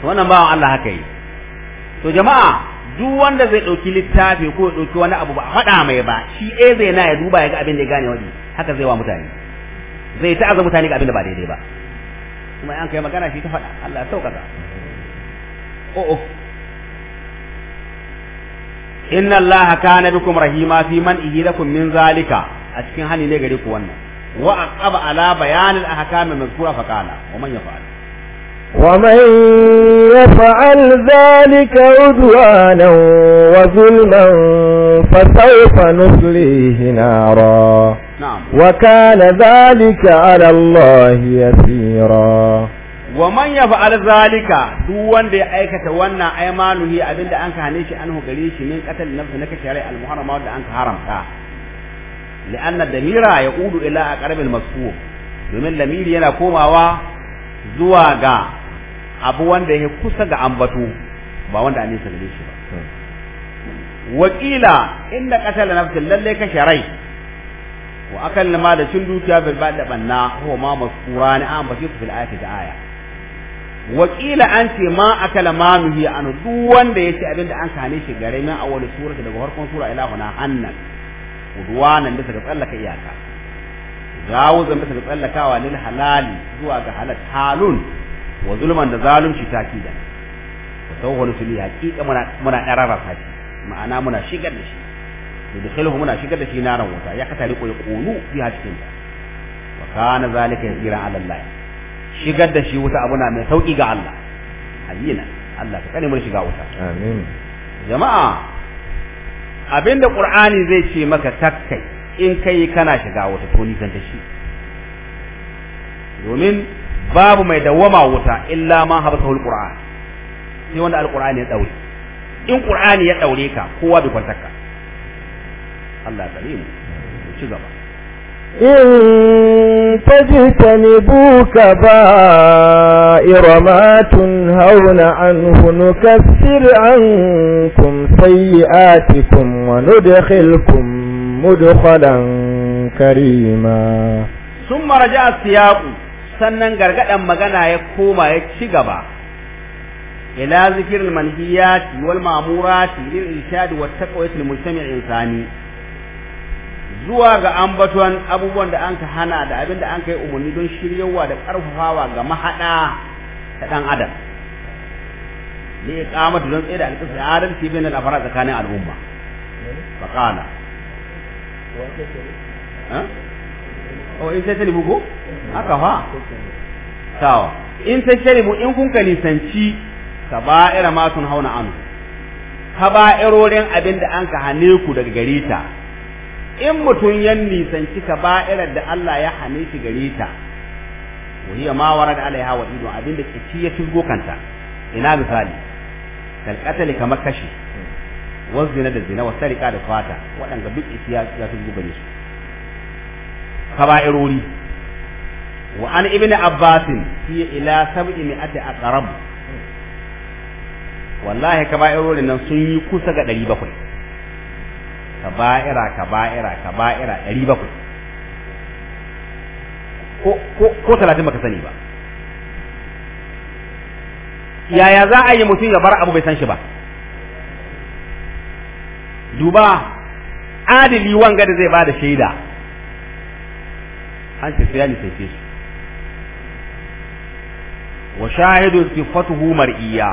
to wannan bawan Allah haka yi to jama'a duk wanda zai ɗauki littafi ko ya ɗauki wani abu ba faɗa mai ba shi eh zai na ya duba ya ga abin da ya gane wani haka zai wa mutane zai azu mutane ga abin da ba daidai ba kuma an kai magana shi ta faɗa Allah ya sauƙaƙa oh. oh. inna allaha kana bikum rahima fi man ihidakum min zalika a cikin hali ne gare ku wannan wa aqaba ala bayan al ahkam mazkura fa qala wa man yaf'al wa man yaf'al zalika udwana wa zulman fa sawfa nuslihi nara na'am wa kana zalika ala allahi yasira wa man yaf'al zalika duk wanda ya aikata wannan aymanuhi abinda an hane shi anhu gare shi min qatl nafsi naka shari'a al muharrama wanda an haramta li'anna damira yaqulu ila aqrab al masfuh domin lamiri yana komawa zuwa ga abu wanda yake kusa ga ambatu ba wanda an nisa gare ba wakila inda qatl nafsi lallai ka shari'a wa akal ma da cin dukiya bil ba'da banna huwa ma masfurani an da aya wakila an ce ma aka ma ya anu duk wanda ci abin da an kane shi gare min wani sura daga farkon sura ila huna hannan nan da ga tsallaka iyaka gawuzan bisa ga tsallakawa lil halali zuwa ga halal halun wa zulman da zalunci takidan tawhul wani haqiqa muna muna darara ma'ana muna shigar da shi dukkanhu muna shigar da shi naran wuta ya katari ko ya kunu cikin haskin wa kana zalika yasira ala allah shigar da shi wuta abu na mai sauƙi ga Allah ayyina Allah ka kare mun shiga wuta amin jama'a abinda qur'ani zai ce maka takkai in kai kana shiga wuta to ni kanta shi domin babu mai dawama wuta illa ma habasahu alqur'an sai wanda alqur'ani ya daure in qur'ani ya daure ka kowa bai ka, Allah ya kare mu ci gaba فاجتنبوا كبائر ما تنهون عنه نكفر عنكم سيئاتكم وندخلكم مدخلا كريما ثم رجع السياق sannan gargadan magana ya koma ya ci gaba ila zikirin manhiyati wal ma'murati lil irshad wat taqwa al mujtami' insani zuwa ga ambaton abubuwan da an ka hana da abin da an kai umarni don shiryawa da ƙarfafawa ga mahaɗa ta ɗan adam ne ya kama da don tsaye da alƙasar adalci bai na lafara tsakanin al'umma ba ƙala eh? o oh, in sai sharibu ko haka fa tawa in sai sharibu in kun kalisanci ka ba'ira ma sun hauna anu ka ba irorin abin da an ka hane ku daga garita in mutum ya nisanci kaba'irar da Allah ya hane shi gare ta wa hiya ma warad alaiha wa idu abinda kici ya turgo kanta ina misali kal qatl kamar kashi zina da zina wa sarika da fata wadanga duk kici ya turgo gare su kaba'irori wa an ibnu abbas fi ila sab'i mi'ati aqrab wallahi kaba'irorin nan sun yi kusa ga 700 kaba'ira kaba'ira kaba'ira ɗari bakwai ko talatin baka sani ba yaya za a yi mutum ya bar abu bai san shi ba duba adili wanga da zai ba da shaida an ce sai sai shi wa shahidu sifatuhu mar'iyya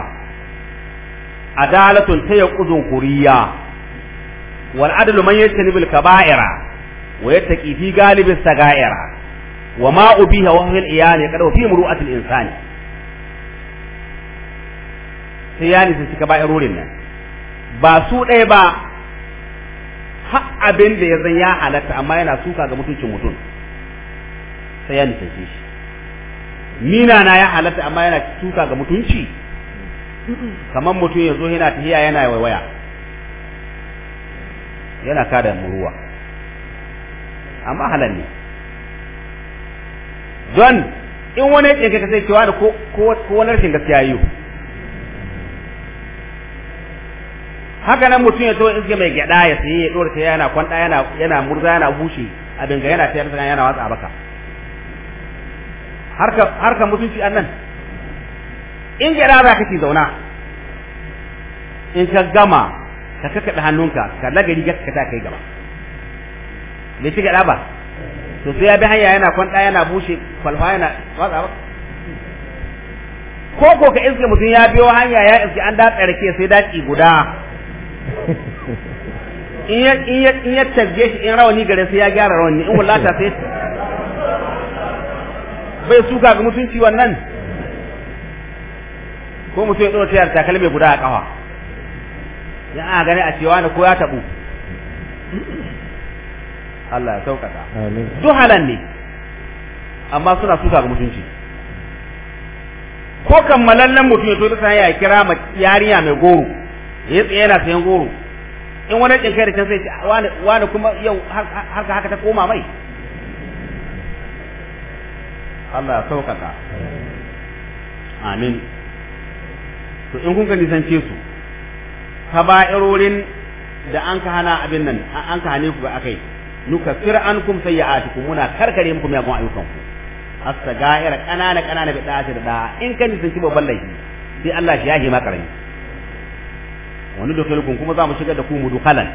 adalatun ta yaqudun quriya wal adlu man yajtanibil kaba'ira wa yattaqi fi galibi sagaira wa ma ubiha wa fil iyani kada fi muru'atil insani sai yani su cika ba'irorin nan ba su ɗaya ba har abin da ya zan ya halatta amma yana suka ga mutuncin mutun sai ya nisance shi mina na ya halatta amma yana suka ga mutunci kaman mutum ya zo yana tafiya yana waiwaya yana kada muruwa amma halal ne don in wani yake ka sai cewa da ko ko wani rashin gaskiya yi haka nan mutum ya to iske mai gyada ya sai ya dora ta yana kwanda yana yana murza yana bushe abin ga yana tayar da yana watsa baka harka harka mutunci annan in gyada za ka ci zauna in ka gama ka kaka da hannunka ka lagari ga ka ta kai gaba bai ci ba. to sai ya bi hanya yana kwanta yana bushe kwalfa yana watsa ba ko ko ka iske mutum ya biyo hanya ya iske an da tsarke sai daki guda in ya in ya in shi in rawani gare sai ya gyara rawani in wallata sai bai suka ga mutunci wannan ko mutum ya dora tayar takalmi guda a kafa ya a gani a cewa ne ko ya tabu Allah ya saukaka duk halan ne amma suna suka ga mutunci ko kammalallen mutum ya to ta ya kira ma yariya mai goro ya tsaye yana sayan goro in wani ɗin kai da can sai ce wani kuma yau harka haka ta koma mai Allah ya saukaka amin to in kun ka nisance su kaba'irorin da an ka hana abin nan an ka hane ku ga akai nukaffir ankum sayyi'atikum muna karkare muku miyagun ayyukanku as-sagaira kanana kanana bi da'ati da da'a in kan sun ci babban laifi sai Allah shi yahi ma karami wani dokalukun kuma za mu shiga da ku mudukalan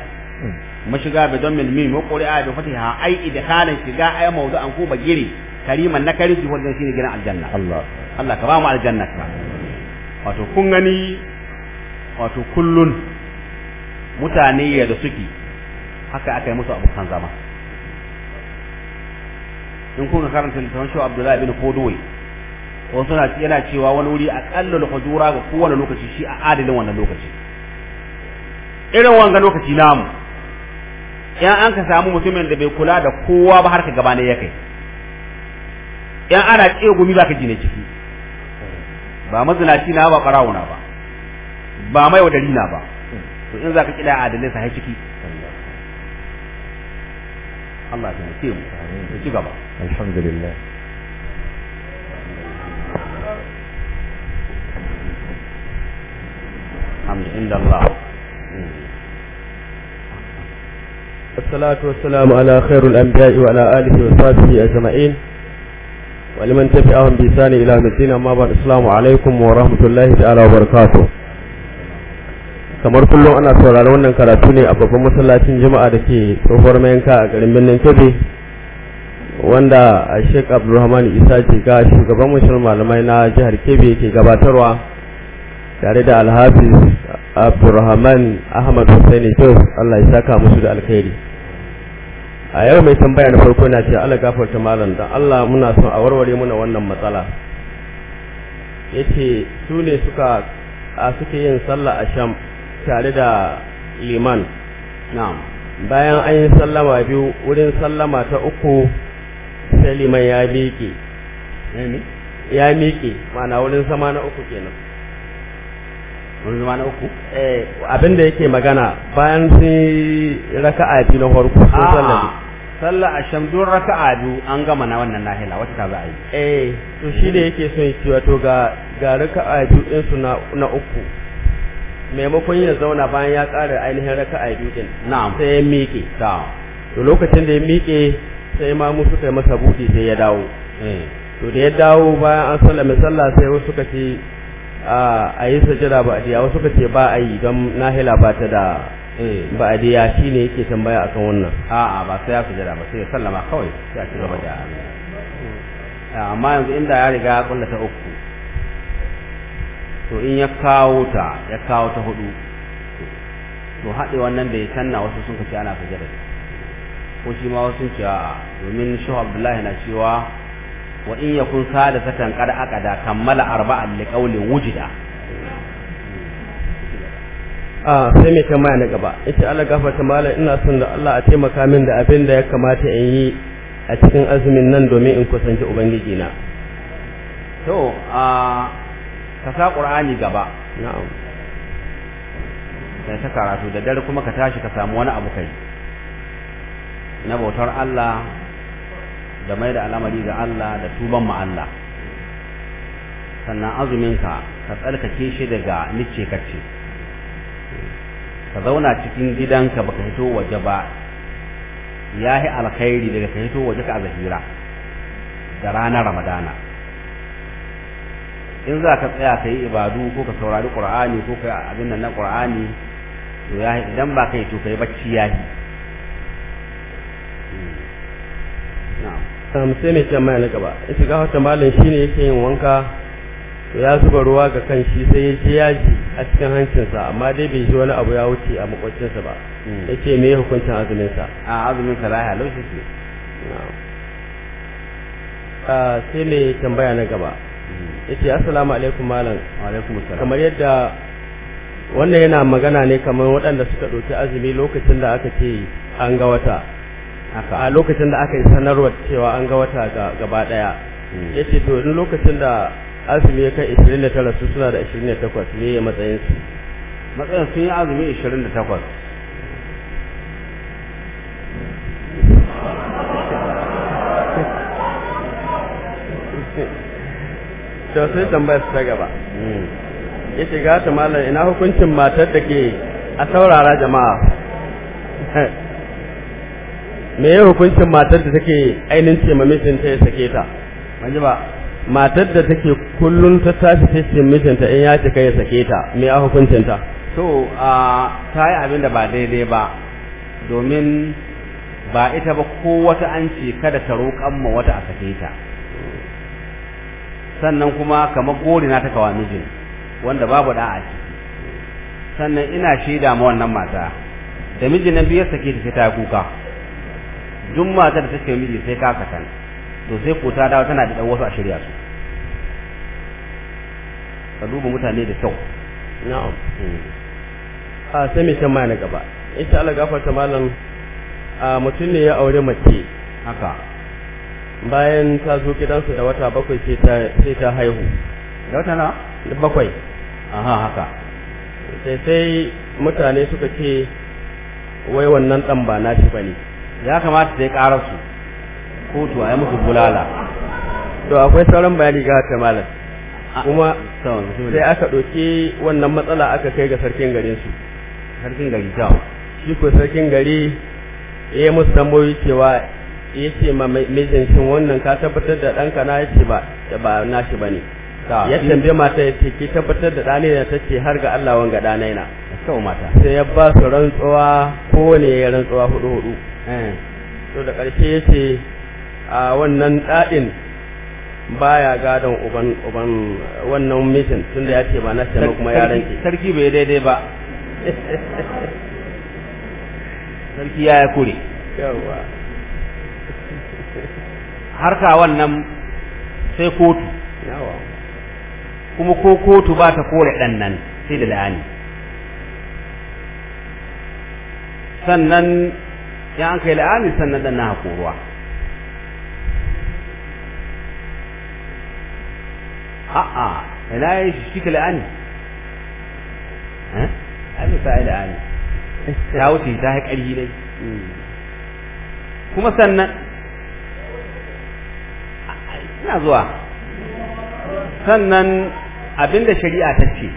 mu shiga bi min mim wa qur'a bi fatiha ai idkhalan shiga ai mawdu'an ku bagiri kariman na karisi wannan shine gidan aljanna Allah Allah ka ba mu aljanna wato kun gani wato kullun mutane ya da suke haka aka yi musu abokan zama in kuka karanta littafin shi Abdullahi bin Kodowai wasu suna yana cewa wani wuri a kallon hujura ga kowane lokaci shi a adalin wannan lokaci irin wanga lokaci namu yan an ka samu mutumin da bai kula da kowa ba har ka gaba ya kai yan ana ƙe gumi ba ka jine ciki ba mazinaci na ba ƙarawuna ba ba mai wa dalila ba to in zaka kida adalai sai ciki Allah ya taimake mu amin ci gaba alhamdulillah الحمد عند الصلاة والسلام على خير الأنبياء وعلى آله وصحبه أجمعين ولمن تبعهم بإحسان إلى مدينة ما بعد السلام عليكم ورحمة الله تعالى وبركاته kamar kullum ana saurari wannan karatu ne a babban masallacin juma'a da ke tsohuwar mayanka a garin birnin kebe wanda a sheik abdulrahman isa ke ga shugaban mashirin malamai na jihar kebe ke gabatarwa tare da alhafiz abdulrahman ahmad hussaini jos allah ya saka musu da alkhairi a yau mai tambaya na farko na ce allah gafarta malam dan allah muna son a warware muna wannan matsala yace su ne suka a suke yin sallah a sham tare da liman na'am bayan an yi sallama biyu wurin sallama ta uku sai liman ya miƙe eh, ya miƙe ma'ana wurin sama na uku kenan wurin sama na uku eh abin da yake magana bayan raka raka'a biyu na farko sun sallama sallar asham raka raka'a biyu an gama na wannan nahila wata ta za a yi eh to shi da yake son yi wato ga ga raka'a biyu din su na uku maimakon ya zauna bayan ya ƙara ainihin raka biyu din na'am sai ya miƙe ta to lokacin da ya miƙe sai ma musu kai yi masa buɗi sai ya dawo eh. to da ya dawo bayan an sallame sallah sai wasu suka ce a yi sajada ba adiya wasu suka ce ba a yi don nahila ba ta da eh, ba shi shine yake tambaya akan wannan a'a ba sai ya sajada ba sai ya sallama kawai sai a ci gaba da amma yanzu inda ya riga ya kullata uku to in ya kawo ta ya kawo ta hudu to haɗe wannan bai sanna wasu sun kace ana sujada ko shi ma wasu ce a domin shehu abdullahi na cewa wa in yakun sada sakan qad aqada kammala arba'a li qawlin wujida a sai mai tambaya na gaba yace Allah gafarta malam ina son da Allah a taimaka min da abin da ya kamata in yi a cikin azumin nan domin in kusanci ubangiji na to a ka sa qur'ani gaba na'am sai ta karatu da dare kuma ka tashi ka samu wani abu kai na bautar Allah da mai da al'amari ga Allah da tuban ma Allah sannan azumin ka ka tsarkake shi daga nice kace ka zauna cikin gidanka baka hito waje ba yahi alkhairi daga ka hito waje ka zahira da ranar ramadana in za ka tsaya ka yi ibadu ko ka saurari qur'ani ko ka abin nan na qur'ani to ya idan ba kai to kai bacci yi. na'am sai mai mai na gaba ita ga wata malam shine yake yin wanka to ya zuba ruwa ga kan shi sai ya je yaji a cikin hancinsa amma dai bai ji wani abu ya wuce a makwancinsa ba hmm. ce me hukuncin azumin sa a azumin sa lahi halauci ah, sai mai tambaya na gaba yace assalamu alaikum malam alaikum assalam kamar yadda wannan yana magana ne kamar waɗanda suka ɗauki azumi lokacin da aka ce an ga wata a lokacin da aka yi sanarwa cewa an ga wata gaba ɗaya hmm. yace to in lokacin da azumi ya kai 29 su suna da 28 ne ya matsayin su matsayin sun yi azumi 28 to sai tambayar ta gaba ya shiga ta malam ina hukuncin matar da ke a saurara jama'a <laughs> me ya hukuncin matar da take ainihin ce ma ta ya sake ta manji ba matar da take kullum ta tashi ta ce ta in ya cika ya sake ta me ya hukuncin ta to a ta yi abin da ba daidai ba domin ba ita ba ko wata an ce kada ta roƙan ma wata a sake ta sannan kuma kamar gori na ta kawa mijin wanda babu da a ciki sannan ina shaida ma wannan mata da miji na biyar sake ta sai ta kuka duk mata da take miji sai ka kan to sai ko ta dawo tana da dan wasu a shirya su ka duba mutane da kyau na'am hmm. a sai mai mai na gaba insha Allah gafarta malam a mutum ne ya aure mace haka bayan ta zo gidansu da wata bakwai sai ta haihu da wata na da bakwai aha haka sai sai mutane suka ce wai wannan dan ba na shi bane ya kamata sai karar su ko a yi musu bulala to akwai sauran bayani ga ta malam kuma sai aka ɗauki wannan matsala aka kai ga sarkin garin su sarkin gari ta shi ko sarkin gari ya musu tambayoyi cewa ya ce ma mijin shin wannan ka tabbatar da ɗanka na ya ce ba ba shi ba ne ya tambaye mata ya ce ki tabbatar da ɗane na ta ce har ga Allah wanga ɗane na kyau mata sai ya ba su rantsuwa kowane ya rantsuwa hudu hudu eh. to da ƙarshe ya ce a wannan ɗaɗin baya gadon uban uban wannan mijin tunda ya ce ba na shi kuma ya ranke sarki bai daidai ba <laughs> sarki ya ya kure yawa harka wannan sai kotu kuma ko kotu ba ta kore dan nan sai da la'ani sannan ya an kai la'ani sannan dan na hakoruwa a ina yi shi shi la'ani eh ai ta la'ani ta wuce ta haƙari ne kuma sannan ina zuwa sannan abinda shari'a ta ce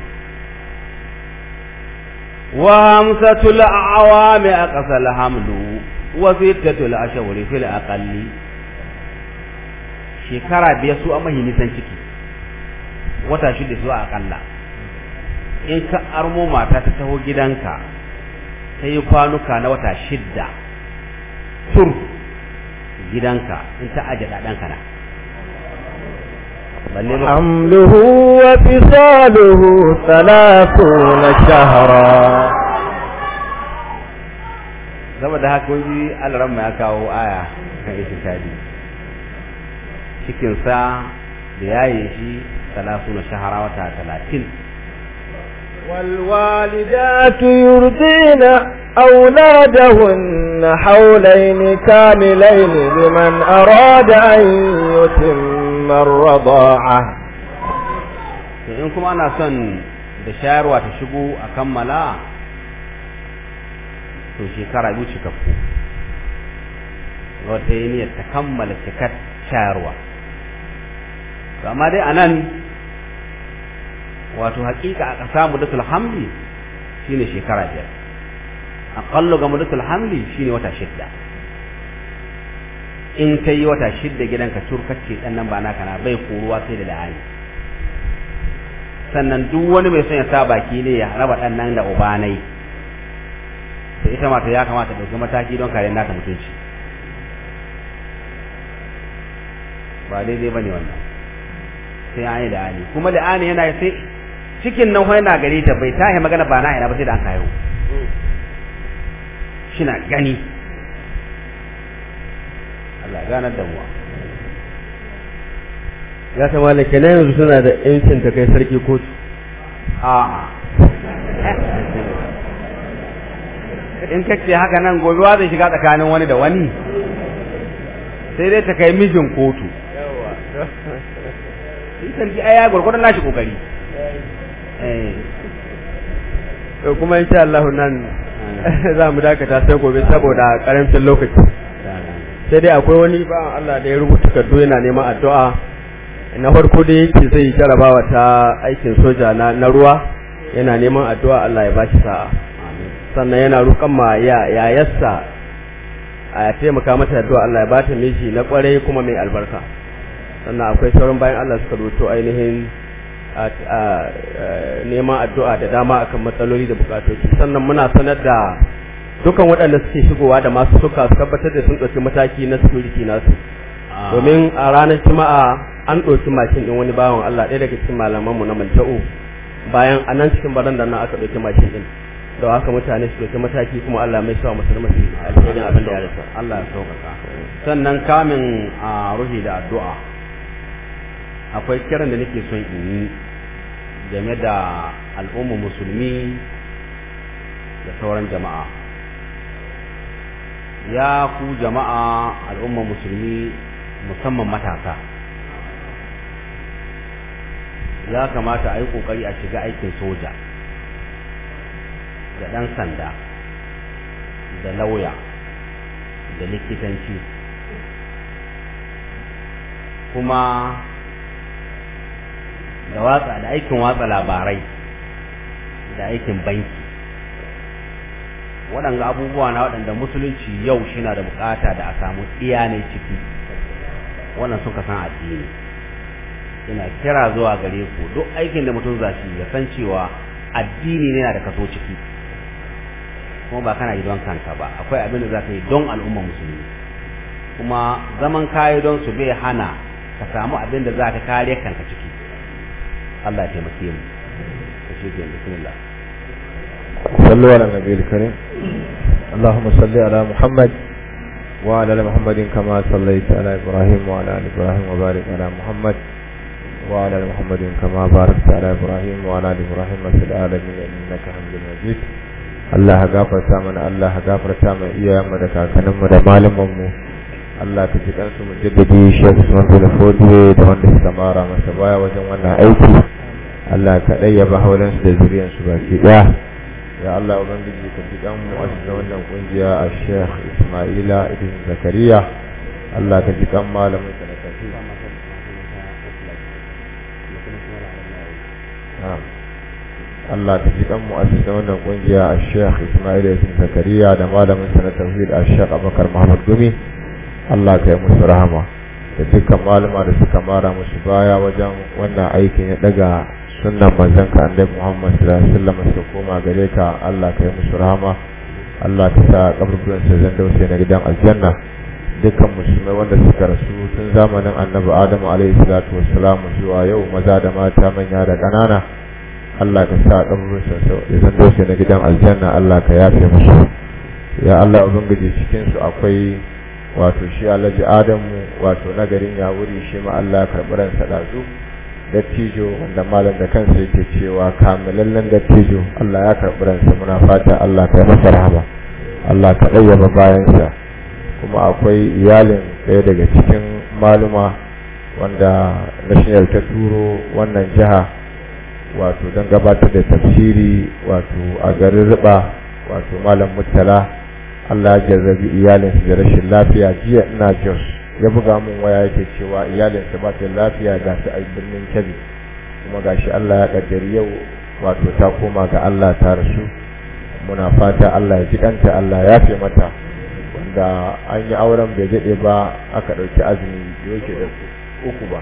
wa hamsatul awami aqsal hamlu wa sittatul ashhuri fil aqalli shekara biya su a mahi san ciki wata shida su a akalla in ka armo mata ta taho gidanka ta yi kwanuka na wata shidda tur gidanka in ta aje ɗanka na حمله وفصاله ثلاثون شهرا zama da haka wani alaran ya kawo aya na itikadi cikinsa da yayin shi talasu na shahara wata talatin والوالدات يرضين أولادهن حولين كاملين لمن أراد أن يتم ni'mar rada'a to in kuma ana son da shayarwa ta shigo a kammala to shekara biyu cikakku wata yi niyyar ta kammala cikar shayarwa amma dai a nan wato hakika a ƙasa mudatul hamli shine shekara biyar a aqallu ga mudatul hamli shine wata shidda in kai wata shidda gidanka turkacce dan nan ba naka na bai koruwa sai da la'ani sannan duk wani mai son ya sa baki ne ya raba dan nan da ubanai da ita mata ya kamata ta mataki don kare naka mutunci ba daidai bane wannan sai an yi la'ani kuma la'ani yana sai cikin nan yana gari ta bai tahi magana ba na ina ba sai da an kayo shi na gani Allah ganar da muwa ya ta kamata kenan yanzu suna da yancin ta kai sarki kotu a in kace haka nan gobe wa zai shiga tsakanin wani da wani sai dai ta kai mijin kotu <laughs> shi sarki ai ya gurgurdan nashi kokari eh kuma insha Allah nan <laughs> za mu dakata sai gobe saboda karamcin lokaci sai dai akwai wani ba'an Allah da ya rubuta kaddu yana neman addu'a na farko dai yake zai jarabawa ta aikin soja na, na ruwa yana neman addu'a Allah ya bashi sa'a sannan yana rukan ma ya yayarsa a taimaka mata addu'a Allah ya bata miji na kwarai kuma mai albarka sannan akwai sauran bayan Allah suka rubuto ainihin neman addu'a da dama akan matsaloli da bukatoci sannan muna sanar da dukan waɗanda suke shigowa da masu suka su tabbatar da sun ɗauki mataki na security nasu ah. domin a ranar jima'a an ɗauki mashin ɗin wani bawan Allah ɗaya daga cikin malamanmu na Malta'u bayan a nan cikin baranda nan aka ɗauki mashin ɗin da haka mutane su ɗauki mataki kuma Allah mai sa musu alherin abin da ya rasa Allah ya sauƙaƙa sannan kamin a ruhi da addu'a akwai kiran da nake son in yi game da al'ummar musulmi da sauran jama'a ya ku jama'a al'umma musulmi musamman matasa ya kamata a yi ƙoƙari a shiga aikin soja da ɗan sanda da lauya da likitanci kuma da aikin watsa labarai da aikin banki waɗanda abubuwa na waɗanda musulunci yau shi na da bukata da a samu iyanai ne ciki wannan suka san addini ina kira zuwa gare ku duk aikin da mutum za shi ya san cewa addini ne na da kaso ciki kuma ba kana yi don kanka ba akwai abin da za ka yi don al'umma musulmi kuma zaman kayi don su bai hana ka samu abin da za ka kare kanka ciki Allah ya taimake mu. Shi ke bismillah. صلوا على النبي الكريم اللهم صل على محمد وعلى محمد كما صليت على ابراهيم وعلى ال ابراهيم وبارك على محمد وعلى محمد كما باركت على ابراهيم وعلى ال ابراهيم في العالمين انك حميد مجيد Allah ya gafarta mana Allah ya gafarta mai iyayenmu da kakanninmu da malamanmu Allah ka ji kansu mu jaddadi Sheikh Usman bin Fodiwe da wanda suka mara masa baya wajen wannan aiki Allah ka ɗayyaba haulansu da su baki ɗaya da Allah ubangiji ka ji dan mu da wannan kungiya a Sheikh Ismaila ibn Zakariya Allah ka ji kan malamin sa da kafi Allah ka ji kan mu da wannan kungiya a Sheikh Ismaila ibn Zakariya da malamin sa na tauhid a Sheikh Abubakar Muhammad Gumi Allah ka yi musu rahama da dukkan malama da suka mara musu baya wajen wannan aikin ya daga sunnan manzanka annabi Muhammad sallallahu alaihi wasallam su koma gare ka Allah ka yi musu rahama Allah ka sa kaburburan su zanda sai na gidan aljanna dukkan musulmai wanda suka rasu tun zamanin annabi Adamu alaihi salatu wassalam zuwa yau maza da mata manya da ƙanana Allah ka sa kaburburan su zanda sai na gidan aljanna Allah ka yafe musu ya Allah ubangiji cikin su akwai wato shi Alhaji Adamu wato nagarin ya wuri shi ma Allah karbaran sadazu dattijo wanda malam da kansa yake cewa kamilallen dattijo Allah ya karɓi ransa muna fata Allah ka yi masa rahama Allah ka ɗayyaba bayansa kuma akwai iyalin ɗaya daga cikin maluma wanda national ta turo wannan jiha wato don gabatar da tafsiri wato a garin riba wato malam murtala Allah ya jarrabi iyalinsu da rashin lafiya jiya ina jos ya buga mun waya yake cewa iyalinsa ba ta lafiya ga su a birnin kebbi kuma gashi Allah ya kaddari yau wato ta koma ga Allah ta rasu muna fata Allah ya ji kanta Allah ya fi mata wanda an yi auren bai daɗe ba aka ɗauki azumi yake da uku ba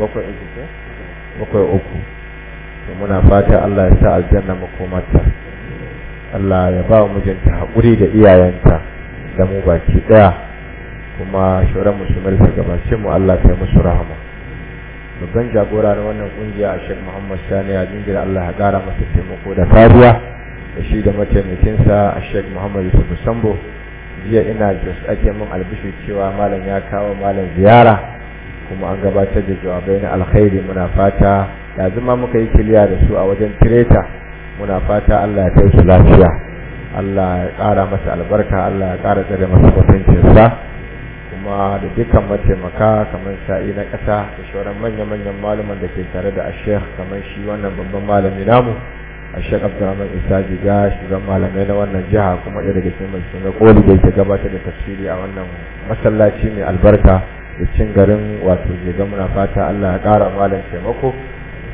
bakwai uku ce bakwai uku muna fata Allah ya sa aljanna ta Allah ya ba mijinta haƙuri da iyayenta da mu baki ɗaya kuma shoran musulmai da gabace mu Allah ta yi musu rahama babban jagora na wannan kungiya a shek muhammad sani a jingira Allah ya kara masa taimako da sabuwa da shi da mataimakinsa a shek muhammad yusuf sambo jiya ina jos ake min albishi cewa malam ya kawo malam ziyara kuma an gabatar da jawabai na alkhairi muna fata yanzu ma muka yi kiliya da su a wajen tireta muna fata Allah ya kai su lafiya Allah ya kara masa albarka Allah ya kara tsare masa mutuncinsa kuma da dukkan mataimaka kamar sa'i na ƙasa da shauran manya-manyan malaman da ke tare da ashek kamar shi wannan babban malami namu ashek abdurrahman isa jiga shugaban malamai na wannan jiha kuma ɗaya daga cikin mai suna koli da yake gabatar da tafsiri a wannan masallaci mai albarka da cin garin wato jiga muna fata allah ya ƙara malam taimako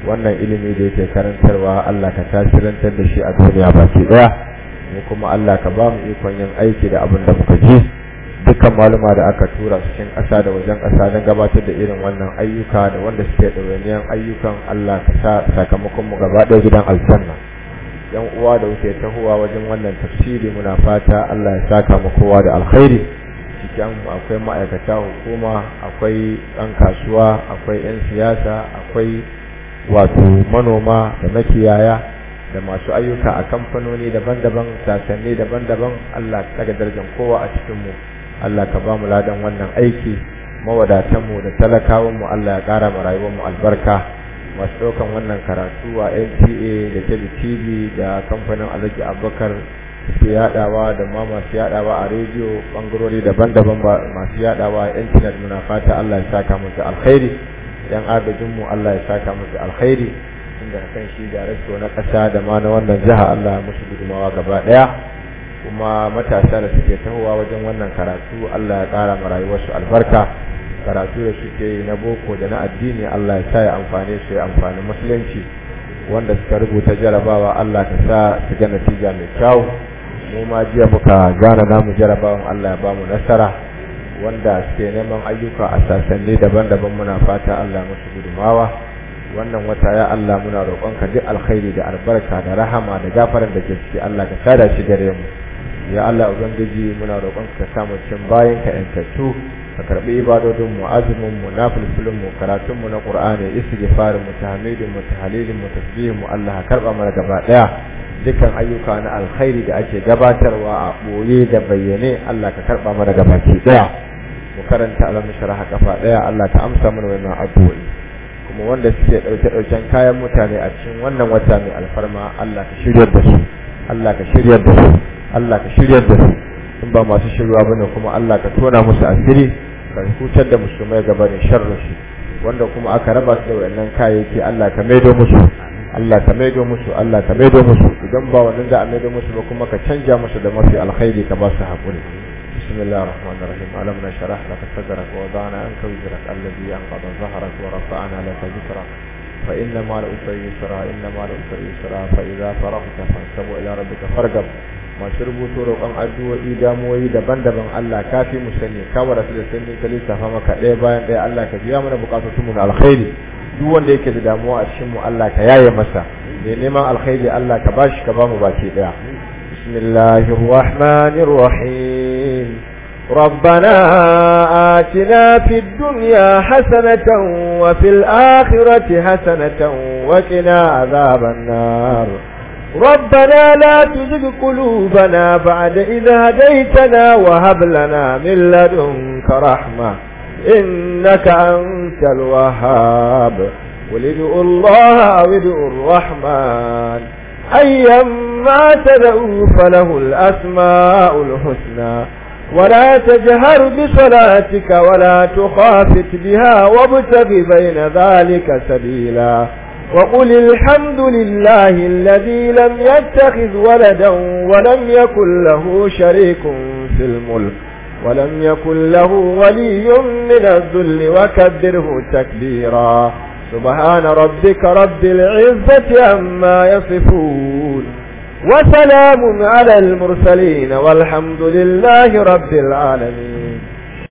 wannan ilimi da yake karantarwa allah ka tasirantar da shi a duniya baki ɗaya mu kuma allah ka ba mu ikon yin aiki da abin da muka ji dukkan maluma da aka tura cikin ƙasa da wajen ƙasa don gabatar da irin wannan ayyuka da wanda suke ɗawainiyan ayyukan Allah ka sa sakamakon mu gaba ɗaya gidan aljanna yan uwa da wuce tahowa wajen wannan tafsiri muna fata Allah ya saka mu kowa da alkhairi cikin akwai ma'aikata hukuma akwai ɗan kasuwa akwai 'yan siyasa akwai wato manoma da makiyaya da masu ayyuka a kamfanoni daban-daban sasanni daban-daban Allah ta ga darajar kowa a cikin mu Allah ka ba mu ladan wannan aiki mawadatanmu da talakawanmu Allah ya ƙara ma mu albarka masu ɗaukan wannan karatu a NTA da Tebi TV da kamfanin Alhaji Abubakar su yaɗawa da ma masu yaɗawa a rediyo ɓangarori daban-daban masu yaɗawa a intanet e muna fata Allah ya saka musu alkhairi yan agajinmu Allah ya saka musu alkhairi inda kan shi da na ƙasa da ma na wannan jiha Allah ya musu gudumawa gaba ɗaya kuma matasa da suke tahowa wajen wannan karatu Allah ya kara ma rayuwarsu albarka karatu da suke yi na boko da na addini Allah ya sa ya amfane su ya amfani musulunci wanda suka rubuta jarabawa Allah ka sa su ga natija mai kyau mu ma jiya muka gana mu jarabawan Allah ya ba mu nasara wanda suke neman ayyuka a sasanni daban-daban muna fata Allah musu gudumawa wannan wata ya Allah muna roƙonka duk alkhairi da albarka da rahama da gafaran da ke ciki Allah ka sada shi gare mu ya Allah ubangiji muna roƙon ka samu cin bayan ka yantattu ka karbi ibadodin mu azumin mu nafilfilin mu karatun mu na qur'ani istighfarin mu tahmidin mu tahlilin mu tasbihin mu Allah ka karba mana gaba daya dukkan ayyuka na alkhairi da ake gabatarwa a boye da bayyane Allah ka karba mana gaba ki daya mu karanta alam sharaha kafa daya Allah ka amsa mana wannan addu'o'i kuma wanda suke dauke dauken kayan mutane a cikin wannan wata mai alfarma Allah ka shiryar da su Allah ka shiryar da su Allah ka shiryar da su in ba masu shirwa bane kuma Allah ka tona musu asiri ka hutar da musulmai gaba da sharrin su wanda kuma aka raba su da wayannan kayayyaki Allah ka maido musu Allah ka maido musu Allah ka maido musu idan ba wannan da a maido musu ba kuma ka canja musu da mafi alkhairi ka ba su haƙuri بسم الله الرحمن الرحيم ألم نشرح لك صدرك ووضعنا عنك وزرك الذي أنقض ظهرك ورفعنا لك ذكرك فإن مع العسر يسرا إن مع العسر يسرا فإذا فرغت فانصب إلى ربك فارغب masu rubutu roƙon addu'o'i damuwoyi daban-daban Allah ka fi mu sani ka da da sani ta lissafa maka ɗaya bayan ɗaya Allah ka biya mana buƙatar mu na alkhairi duk wanda yake da damuwa a cikin mu Allah ka yaye masa mai neman alkhairi Allah ka bashi ka ba mu baki ɗaya bismillahir rahmanir rahim ربنا آتنا في الدنيا حسنة وفي الآخرة حسنة وقنا عذاب النار ربنا لا تزغ قلوبنا بعد إذا هديتنا وهب لنا من لدنك رحمة إنك أنت الوهاب قل ادعوا الله أو ادعوا الرحمن أيما تدعوا فله الأسماء الحسنى ولا تجهر بصلاتك ولا تخافت بها وابتغ بين ذلك سبيلا وقل الحمد لله الذي لم يتخذ ولدا ولم يكن له شريك في الملك ولم يكن له ولي من الذل وكبره تكبيرا سبحان ربك رب العزة عما يصفون وسلام على المرسلين والحمد لله رب العالمين